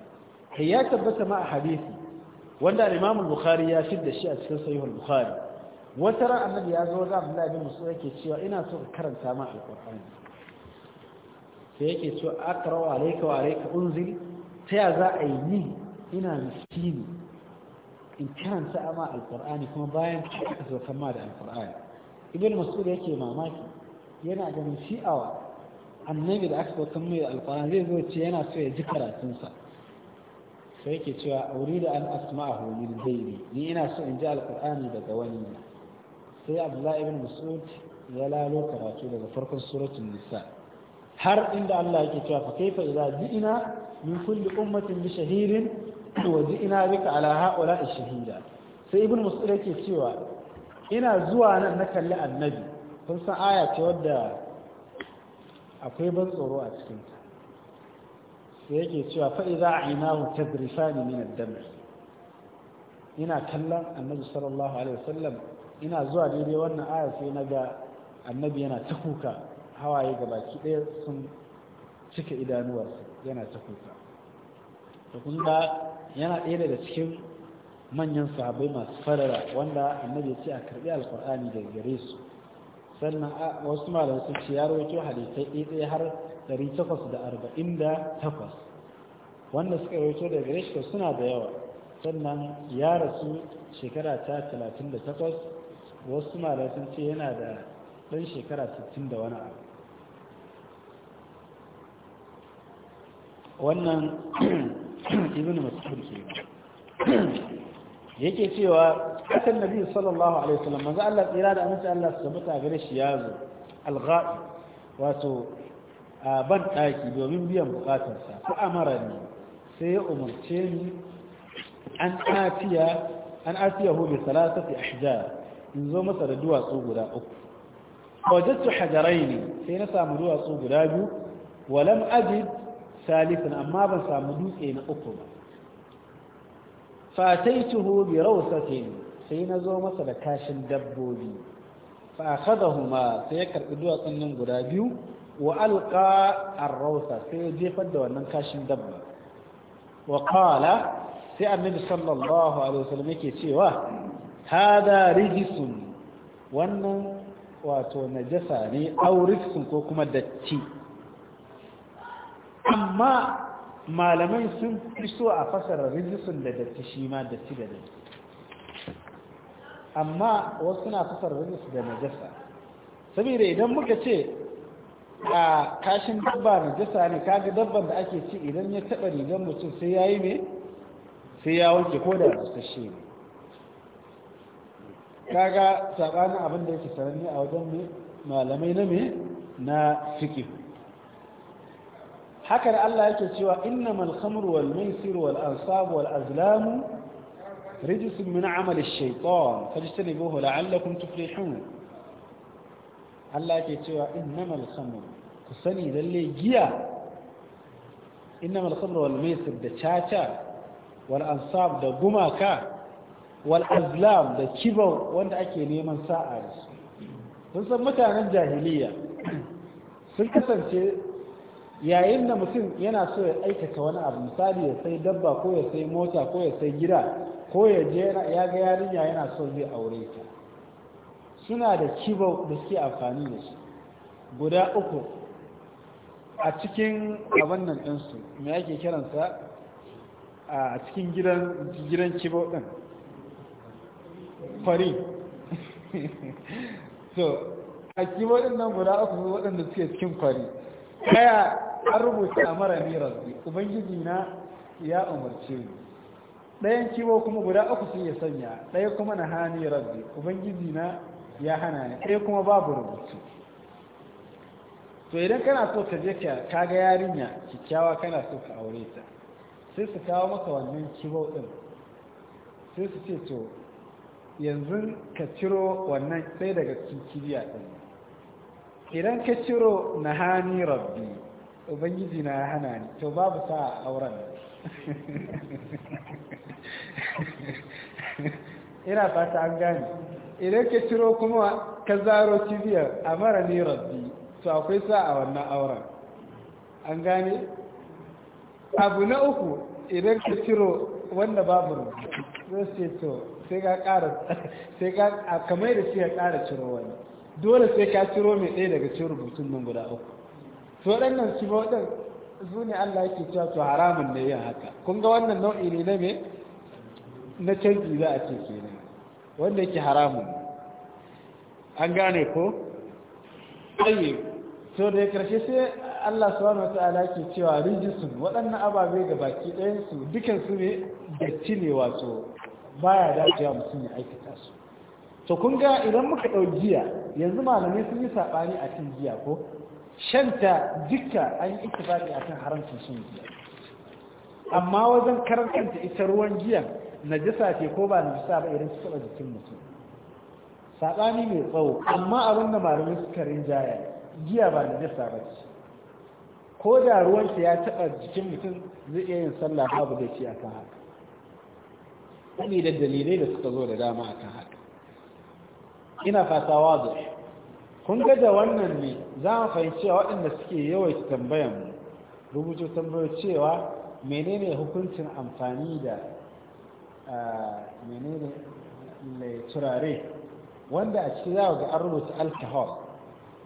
kai ya tabbata ma a hadisi wanda imam bukhari ya da shi a cikin sahih bukhari wata ran annabi ya zo wajen abdullahi bin mas'ud yake cewa ina so ka karanta ma alƙur'ani sai yake cewa aqra'u alayka wa alayka unzil ta ya za a yi ni ina miskini in karanta ma alƙur'ani kuma bayan ka zo kama da alƙur'ani ibn mas'ud yake mamaki yana ganin shi annabi da aka saukan mai alƙur'ani zai zo ce yana so ya ji karatunsa sai yake cewa aure da an asma'ahu min ghairi ni ina so in ji alkur'ani daga wani sai abdullahi ibn mas'ud ya lalo karatu daga farkon suratun nisa har inda Allah yake cewa fa kai idza ina min kulli ummatin bi shahidin wa ina bika ala ha'ula'i shahida sai ibn mas'ud yake cewa ina zuwa nan na kalli annabi kun san aya ce wadda akwai ban tsoro a cikinta sai yake cewa za a nahu ta zirfani ne na ina kallon annabi sallallahu alaihi wasallam ina zuwa daidai wannan aya sai na ga annabi yana ta kuka hawaye ga baki ɗaya sun cika idanuwarsa yana ta kuka da kun ga yana ɗaya daga cikin manyan sahabbai masu farara wanda annabi ya ce a karbi alqur'ani daga gare su sannan a wasu malamai sun ce ya rawaito hadisai ɗaya har takwas, wanda suka rawaito daga gare shi suna da yawa sannan ya rasu shekara ta 38 wasu malamai sun ce yana da ɗan shekara 60 da wani abu wannan ibn mas'ud ke yake cewa akan nabi sallallahu alaihi wasallam manzo Allah tsira da amince Allah su tabbata gare shi zo al-ghaib wato ban daki domin biyan bukatarsa fa amarani sai ya umarce ni an atiya an atiyahu bi salasati ahjar in zo masa da duwatsu guda uku wajadtu hajaraini sai na samu duwatsu guda biyu walam ajid salisan amma ban samu dutse na uku ba fataituhu bi rawsatin sai na zo masa da kashin dabbobi fa akhadahuma sai ya karbi duwatsun nan guda biyu wa alqa ar-rawsa sai ya jefar da wannan kashin dabba wa qala sai annabi sallallahu alaihi wasallam yake cewa hada rijisun wannan wato najasa ne aw ko kuma datti amma malamai sun fi so a fasara rijisun da datti shi ma datti da datti amma wasu na fasara rijis da najasa saboda idan muka ce a kashin dabba najasa ne kaga dabban da ake ci idan ya taba rigar mutum sai ya yi ne sai ya wanke ko da shi ne kaga saɓanin abin da yake sananne a wajen malamai na me na fikihu haka da Allah yake cewa innamal khamru wal maisir wal ansab wal azlam rijsun min amal ash-shaytan fajtanibuhu la'allakum tuflihun Allah yake cewa innamal khamru ku sani lalle giya innamal khamru wal maisir da Chacha, wal ansab da gumaka wal azlam da kibar wanda ake neman sa'a da su sun san mutanen jahiliya sun kasance yayin da mutum yana so ya aikata wani abu misali ya sai dabba ko ya sai mota ko ya sai gida ko ya je ya ga yarinya yana so zai aure ta suna da kibau da suke amfani da shi guda uku a cikin abin nan ɗinsu me ake kiransa a cikin gidan gidan kibau ɗin fari so a kibau ɗin nan guda uku waɗanda suke cikin fari kaya an rubuta mara ni rabbi ubangiji na ya umarce ni ɗayan kiwo kuma guda uku sun ya sanya ɗaya kuma na hani rabbi ubangiji na ya hana ni ɗaya kuma babu rubutu to idan kana so ka je ka ga yarinya kikkiawa kana so ka aure ta sai su kawo maka wannan kiwo din sai su ce to yanzu ka ciro wannan sai daga cikin kiriya din idan ka ciro na hani rabbi ubangiji na hana ni to babu sa a auren ina fata an gane idan ka ciro kuma ka zaro cibiyar a mara ni rabbi to akwai sa a wannan auren an gane abu na uku idan ka ciro wanda babu rubutu zai ce to sai ka kara sai ka kamar da shi ya kara ciro wani dole sai ka ciro mai ɗaya daga cin rubutun nan guda uku to waɗannan sifofin su ne Allah yake cewa to haramun ne yin haka kun ga wannan nau'i ne na me na canji za a ce kenan wanda yake haramun an gane ko ayi to da karshe sai Allah subhanahu wataala yake cewa rijisun waɗannan ababe da baki ɗayan su dukan su ne da ne wato baya dacewa mutum ya aikata su to kun ga idan muka ɗau jiya, yanzu malamai sun yi saɓani a cin giya ko shanta dukka an yi a akan haramcin sun amma wajen karkanta ita ruwan giya jisa ce ko ba jisa ba idan suka jikin mutum saɓani mai tsawo amma abin da malamin suka rinjaya giya ba jisa ba ce ko da ke ya taɓa jikin mutum zai iya yin sallah babu da ci kan haka da dalilai da suka zo da dama a kan haka ina fata wazo kun ga da wannan ne za mu fahimci a waɗanda suke yawaita tambayan mu tambayar cewa menene hukuncin amfani da menene turare wanda a ciki za ga an rubuta alcohol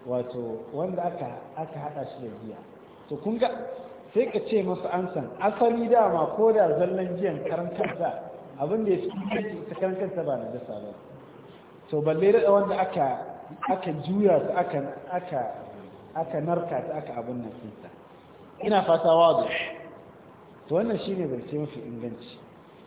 wato wanda aka hada shi da giya to kun ga sai ka ce masu an san asali dama ko da zallan jiyan karantarsa abinda ya fi ta karantarsa ba na dasa ba to balle da wanda aka aka juya su aka aka narka su aka abin nan ina fata wadu to wannan shine zance mafi inganci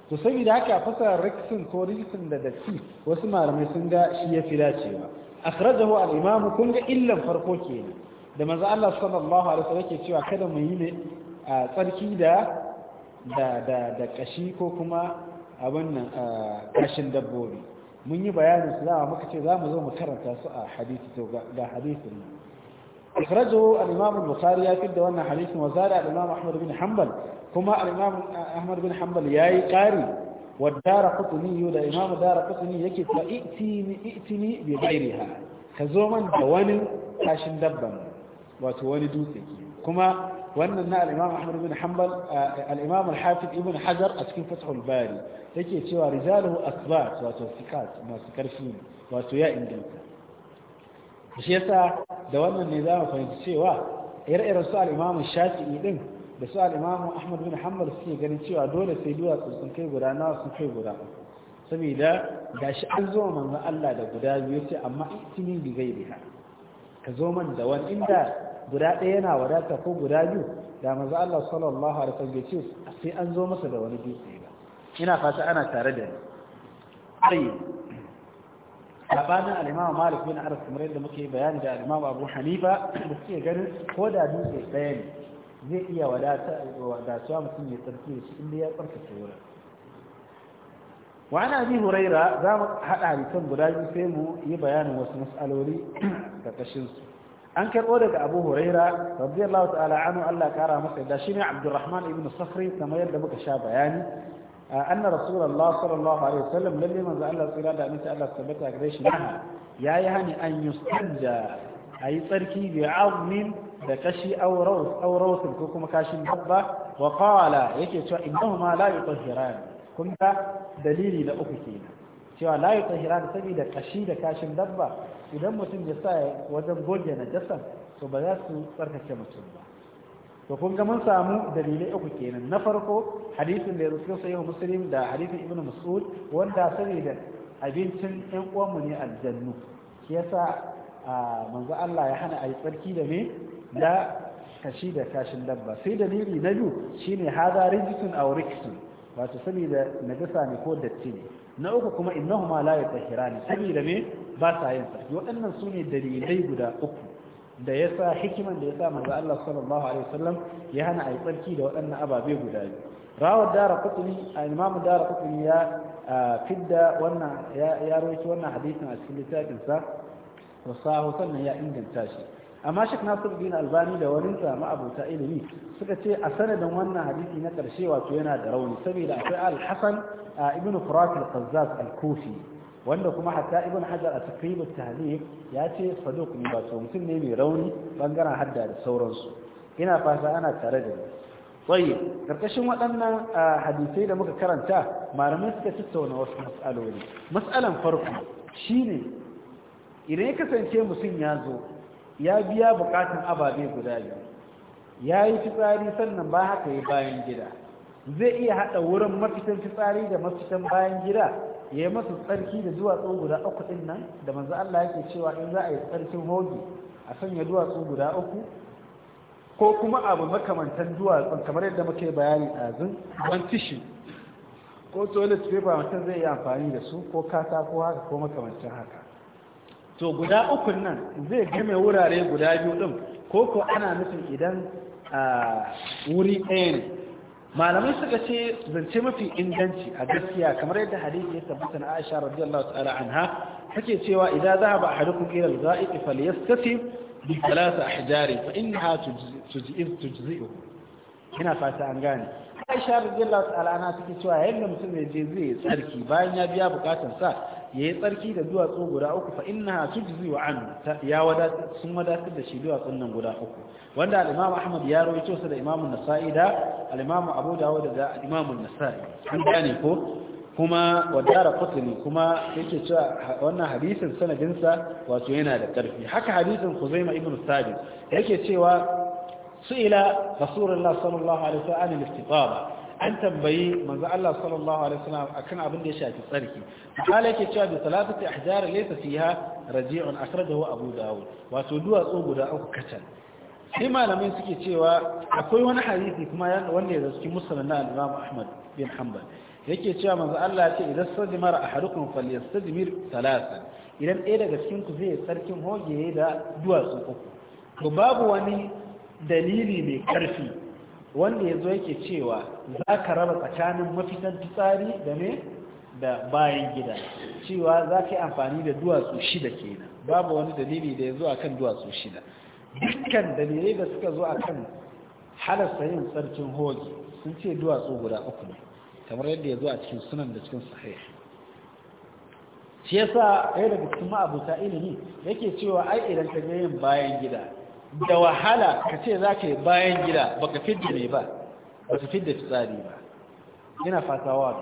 to saboda haka fasa rikisin ko rikisin da datti wasu malamai sun ga shi ya fi dacewa akhrajahu al-imam kun ga illan farko kenan da maza Allah sallallahu alaihi wasallam yake cewa kada mu yi ne a tsarki da da da kashi ko kuma abin nan kashin dabbobi mun yi bayanin su dama muka ce za mu zo mu karanta su a hadisi to ga hadisin nan al-imam al-bukhari ya fidda wannan hadisin wa zara al-imam ahmad bin hanbal kuma al-imam ahmad bin hanbal yayi qari wa daraqutni da imam daraqutni yake fa itini itini bi ghairiha ka zo man da wani kashin dabban wato wani dutse kuma wannan na al ahmad ibn hanbal eh, al-hafiz ibn hajar a cikin fathul bari yake cewa Rijalu asbat wato sikat masu karfi wato ya inganta shi yasa da wannan ne za mu fahimci cewa ire-iren su al shafi'i din da su al ahmad bin hanbal suke ganin cewa dole sai duwatsu sun kai guda nawa sun kai guda saboda gashi an zo manzon Allah da guda biyu sai amma itini bi gairiha ka zo man da wani inda guda ɗaya yana wadata ko guda biyu da maza Allah sallallahu alaihi wasallam ce sai an zo masa da wani dutse ba ina fata ana tare da ni labanin al-Imam Malik bin Anas kamar yadda muke bayani da al-Imam Abu Hanifa da suke ganin ko da dutse ɗaya ne zai iya wadata wadatuwa mutum ya tsarki da shi inda ya tsarkake wurin mu haɗa هريرة guda biyu sai mu yi bayanin wasu وسمس ألولي كتشنسو an karɓo daga abu huraira radiyallahu ta'ala anhu Allah kara masa da shine abdurrahman ibn safri kamar yadda muka sha bayani anna rasulullah sallallahu alaihi wasallam lalle manzo Allah tsira da aminci Allah tabbata gare shi na yayi hani an yustanja ayi tsarki bi azmin da kashi aw raws aw raws ko kuma kashin dabba wa qala yake cewa innahuma la yutahhiran kun ga dalili da uku kenan cewa la yutahhiran saboda kashi da kashin dabba idan mutum ya sa wajen goge najasa to ba za su tsarkake mutum ba to kun ga mun samu dalilai uku kenan na farko hadisin da ya rusu sahihu muslim da hadisin ibnu mas'ud wanda da abincin ɗan uwanmu ne aljannu shi yasa manzo Allah ya hana ayi tsarki da me da kashi da kashin dabba sai dalili na biyu shine hada rijisun aw riksun wato saboda najasa ne ko datti ne na uku kuma innahuma la yatahirani saboda me ba sa yin sarki waɗannan su ne dalilai guda uku da ya sa hikiman da ya sa manzo Allah sallallahu alaihi wasallam ya hana a yi tsarki da waɗannan ababe guda biyu rawar dara kutuni a imam dara kutuni ya fidda wannan ya rawaito wannan hadisin a cikin littafin sa wasahu sannan ya inganta shi amma shek nasiruddin albani da wani sa abuta ilimi suka ce a sanadin wannan hadisi na karshe wato yana da rauni saboda akwai al-hasan ibn furat al-qazzaz al-kufi wanda kuma hatta ibn hajar a takribu tahlif ya ce saduk ne ba mutum ne mai rauni bangaren hadda da sauransu ina fata ana tare da ni tsaye karkashin waɗannan hadisai da muka karanta malamai suka tattauna wasu matsaloli matsalan farko Shi ne. idan ya kasance mutum ya zo ya biya bukatun ababe guda biyu ya yi fitsari sannan ba haka yi bayan gida zai iya haɗa wurin mafitan fitsari da mafitan bayan gida ya masu tsarki da duwatsu guda uku ɗin nan da manzo Allah yake cewa in za a yi tsarkin hoji a sanya duwatsu guda uku ko kuma abu makamantan duwatsun kamar yadda muke bayani ɗazun ban tishi ko toilet paper mutum zai yi amfani da su ko katako ko haka ko makamantan haka to guda uku nan zai game wurare guda biyu ɗin ko ko ana nufin idan ah, wuri ɗaya ne malamai suka ce zance mafi inganci a gaskiya kamar yadda hadisi ya tabbata na Aisha radiyallahu ta'ala anha take cewa idan zahaba ahadukum ila al-za'iq falyastatim bi thalath ahjari fa innaha tujzi'u tujzi'u ina fata an gane Aisha radiyallahu ta'ala anha take cewa yayin da mutum ya je zai tsarki bayan ya biya bukatun sa yayi tsarki da duwatsu guda uku fa innaha tujzi wa an ya wada sun wadatar da shi duwatsun nan guda uku wanda al Ahmad Ahmad ya rawaito sa da Imam nasai da al-Imam Abu Dawud da Imam nasai an gane ko kuma wadara qutni kuma yake cewa wannan hadisin sanadinsa wato yana da karfi haka hadisin Khuzaimah ibn Sabit yake cewa su'ila Rasulullah sallallahu alaihi wa sallam al-istitaba an tambayi manzo Allah sallallahu alaihi wasallam akan abin da ya shafi tsarki kala yake cewa bi salatati ahjar laysa fiha raji'un akhrajahu abu dawud wato duwatsu guda uku kacal sai malamai suke cewa akwai wani hadisi kuma wanda ya zaski musulun na al-imam ahmad bin hanbal yake cewa manzo Allah ya ce idan sadimar ahadukum falyastajmir thalathan idan ɗaya daga cikin ku zai tsarkin hoge da duwatsu uku to babu wani dalili mai karfi wanda ya zo yake cewa za ka raba tsakanin mafitan fitsari da ne da bayan gida cewa za ka yi amfani da duwatsu shida kenan babu wani dalili da ya zo akan duwatsu shida dukkan dalilai da suka zo a kan halasta yin tsarkin hoji sun ce duwatsu guda uku ne kamar yadda ya zo a cikin sunan da cikin sahih shi yasa ɗaya daga cikin ma'abuta ilimi yake cewa ai idan ka je yin bayan gida da wahala ka ce za ka yi bayan gida ba ka fidda ne ba ba ka fidda fitsari ba yana fatawa ba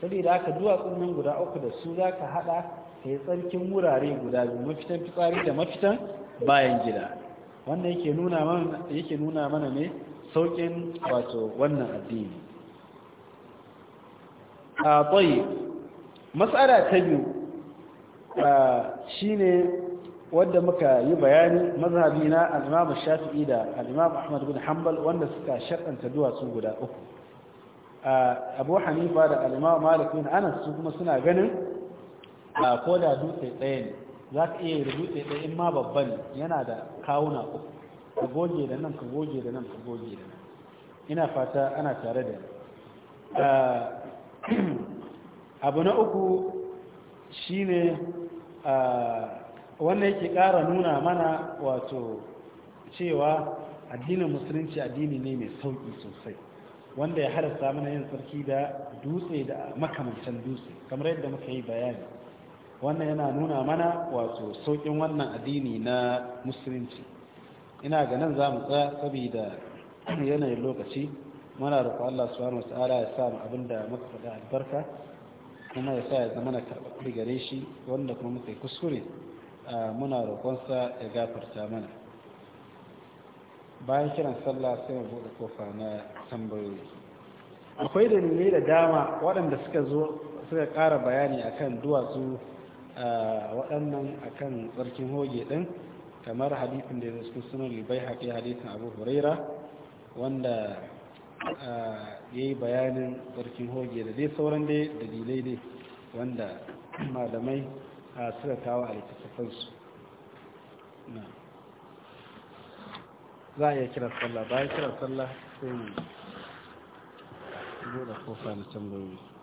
saboda aka duwatsun nan guda uku da su za ka haɗa ka yi tsarkin wurare guda biyu mafitan fitsari da mafitan bayan gida wannan yake nuna mana ne saukin wato wannan addini a tsaye matsala ta biyu shine wadda muka yi bayani mazhabi na al-imam shafi'i da al-imam ahmad bin hanbal wanda suka sharɗanta duwatsu guda uku abu hanifa da al-imam malik bin anas su kuma suna ganin ko da dutse ɗaya ne za ka iya da dutse ɗaya in ma babban ne yana da kawuna uku ka goge da nan ka goge da nan ka goge da nan ina fata ana tare da abu na uku shine ne wannan yake ƙara nuna mana wato cewa addinin musulunci addini ne mai sauƙi sosai wanda ya hada mana yin tsarki da dutse da makamancin dutse kamar yadda muka yi bayani wannan yana nuna mana wato sauƙin wannan addini na musulunci ina ga nan za mu tsaya saboda yanayin lokaci muna roƙo Allah subhanahu tsara ya sa abin da muka faɗa albarka kuma ya sa ya zama na karɓar gare shi wanda kuma muka yi kuskure Eh, muna roƙonsa ya gafarta mana bayan kiran sallah sai mu buɗe kofa na tambayoyi akwai da dalilai da dama waɗanda suka zo suka ƙara bayani akan duwatsu eh, waɗannan akan tsarkin hoge ɗin kamar hadithin da ya zai suna libai haƙi hadithin abu huraira wanda eh, ya yi bayanin tsarkin hoge da dai sauran dai dalilai dai wanda malamai a kawo a littattafansu za a iya kiran sallah bayan kiran sallah sai mu buɗe kofa na tambayoyi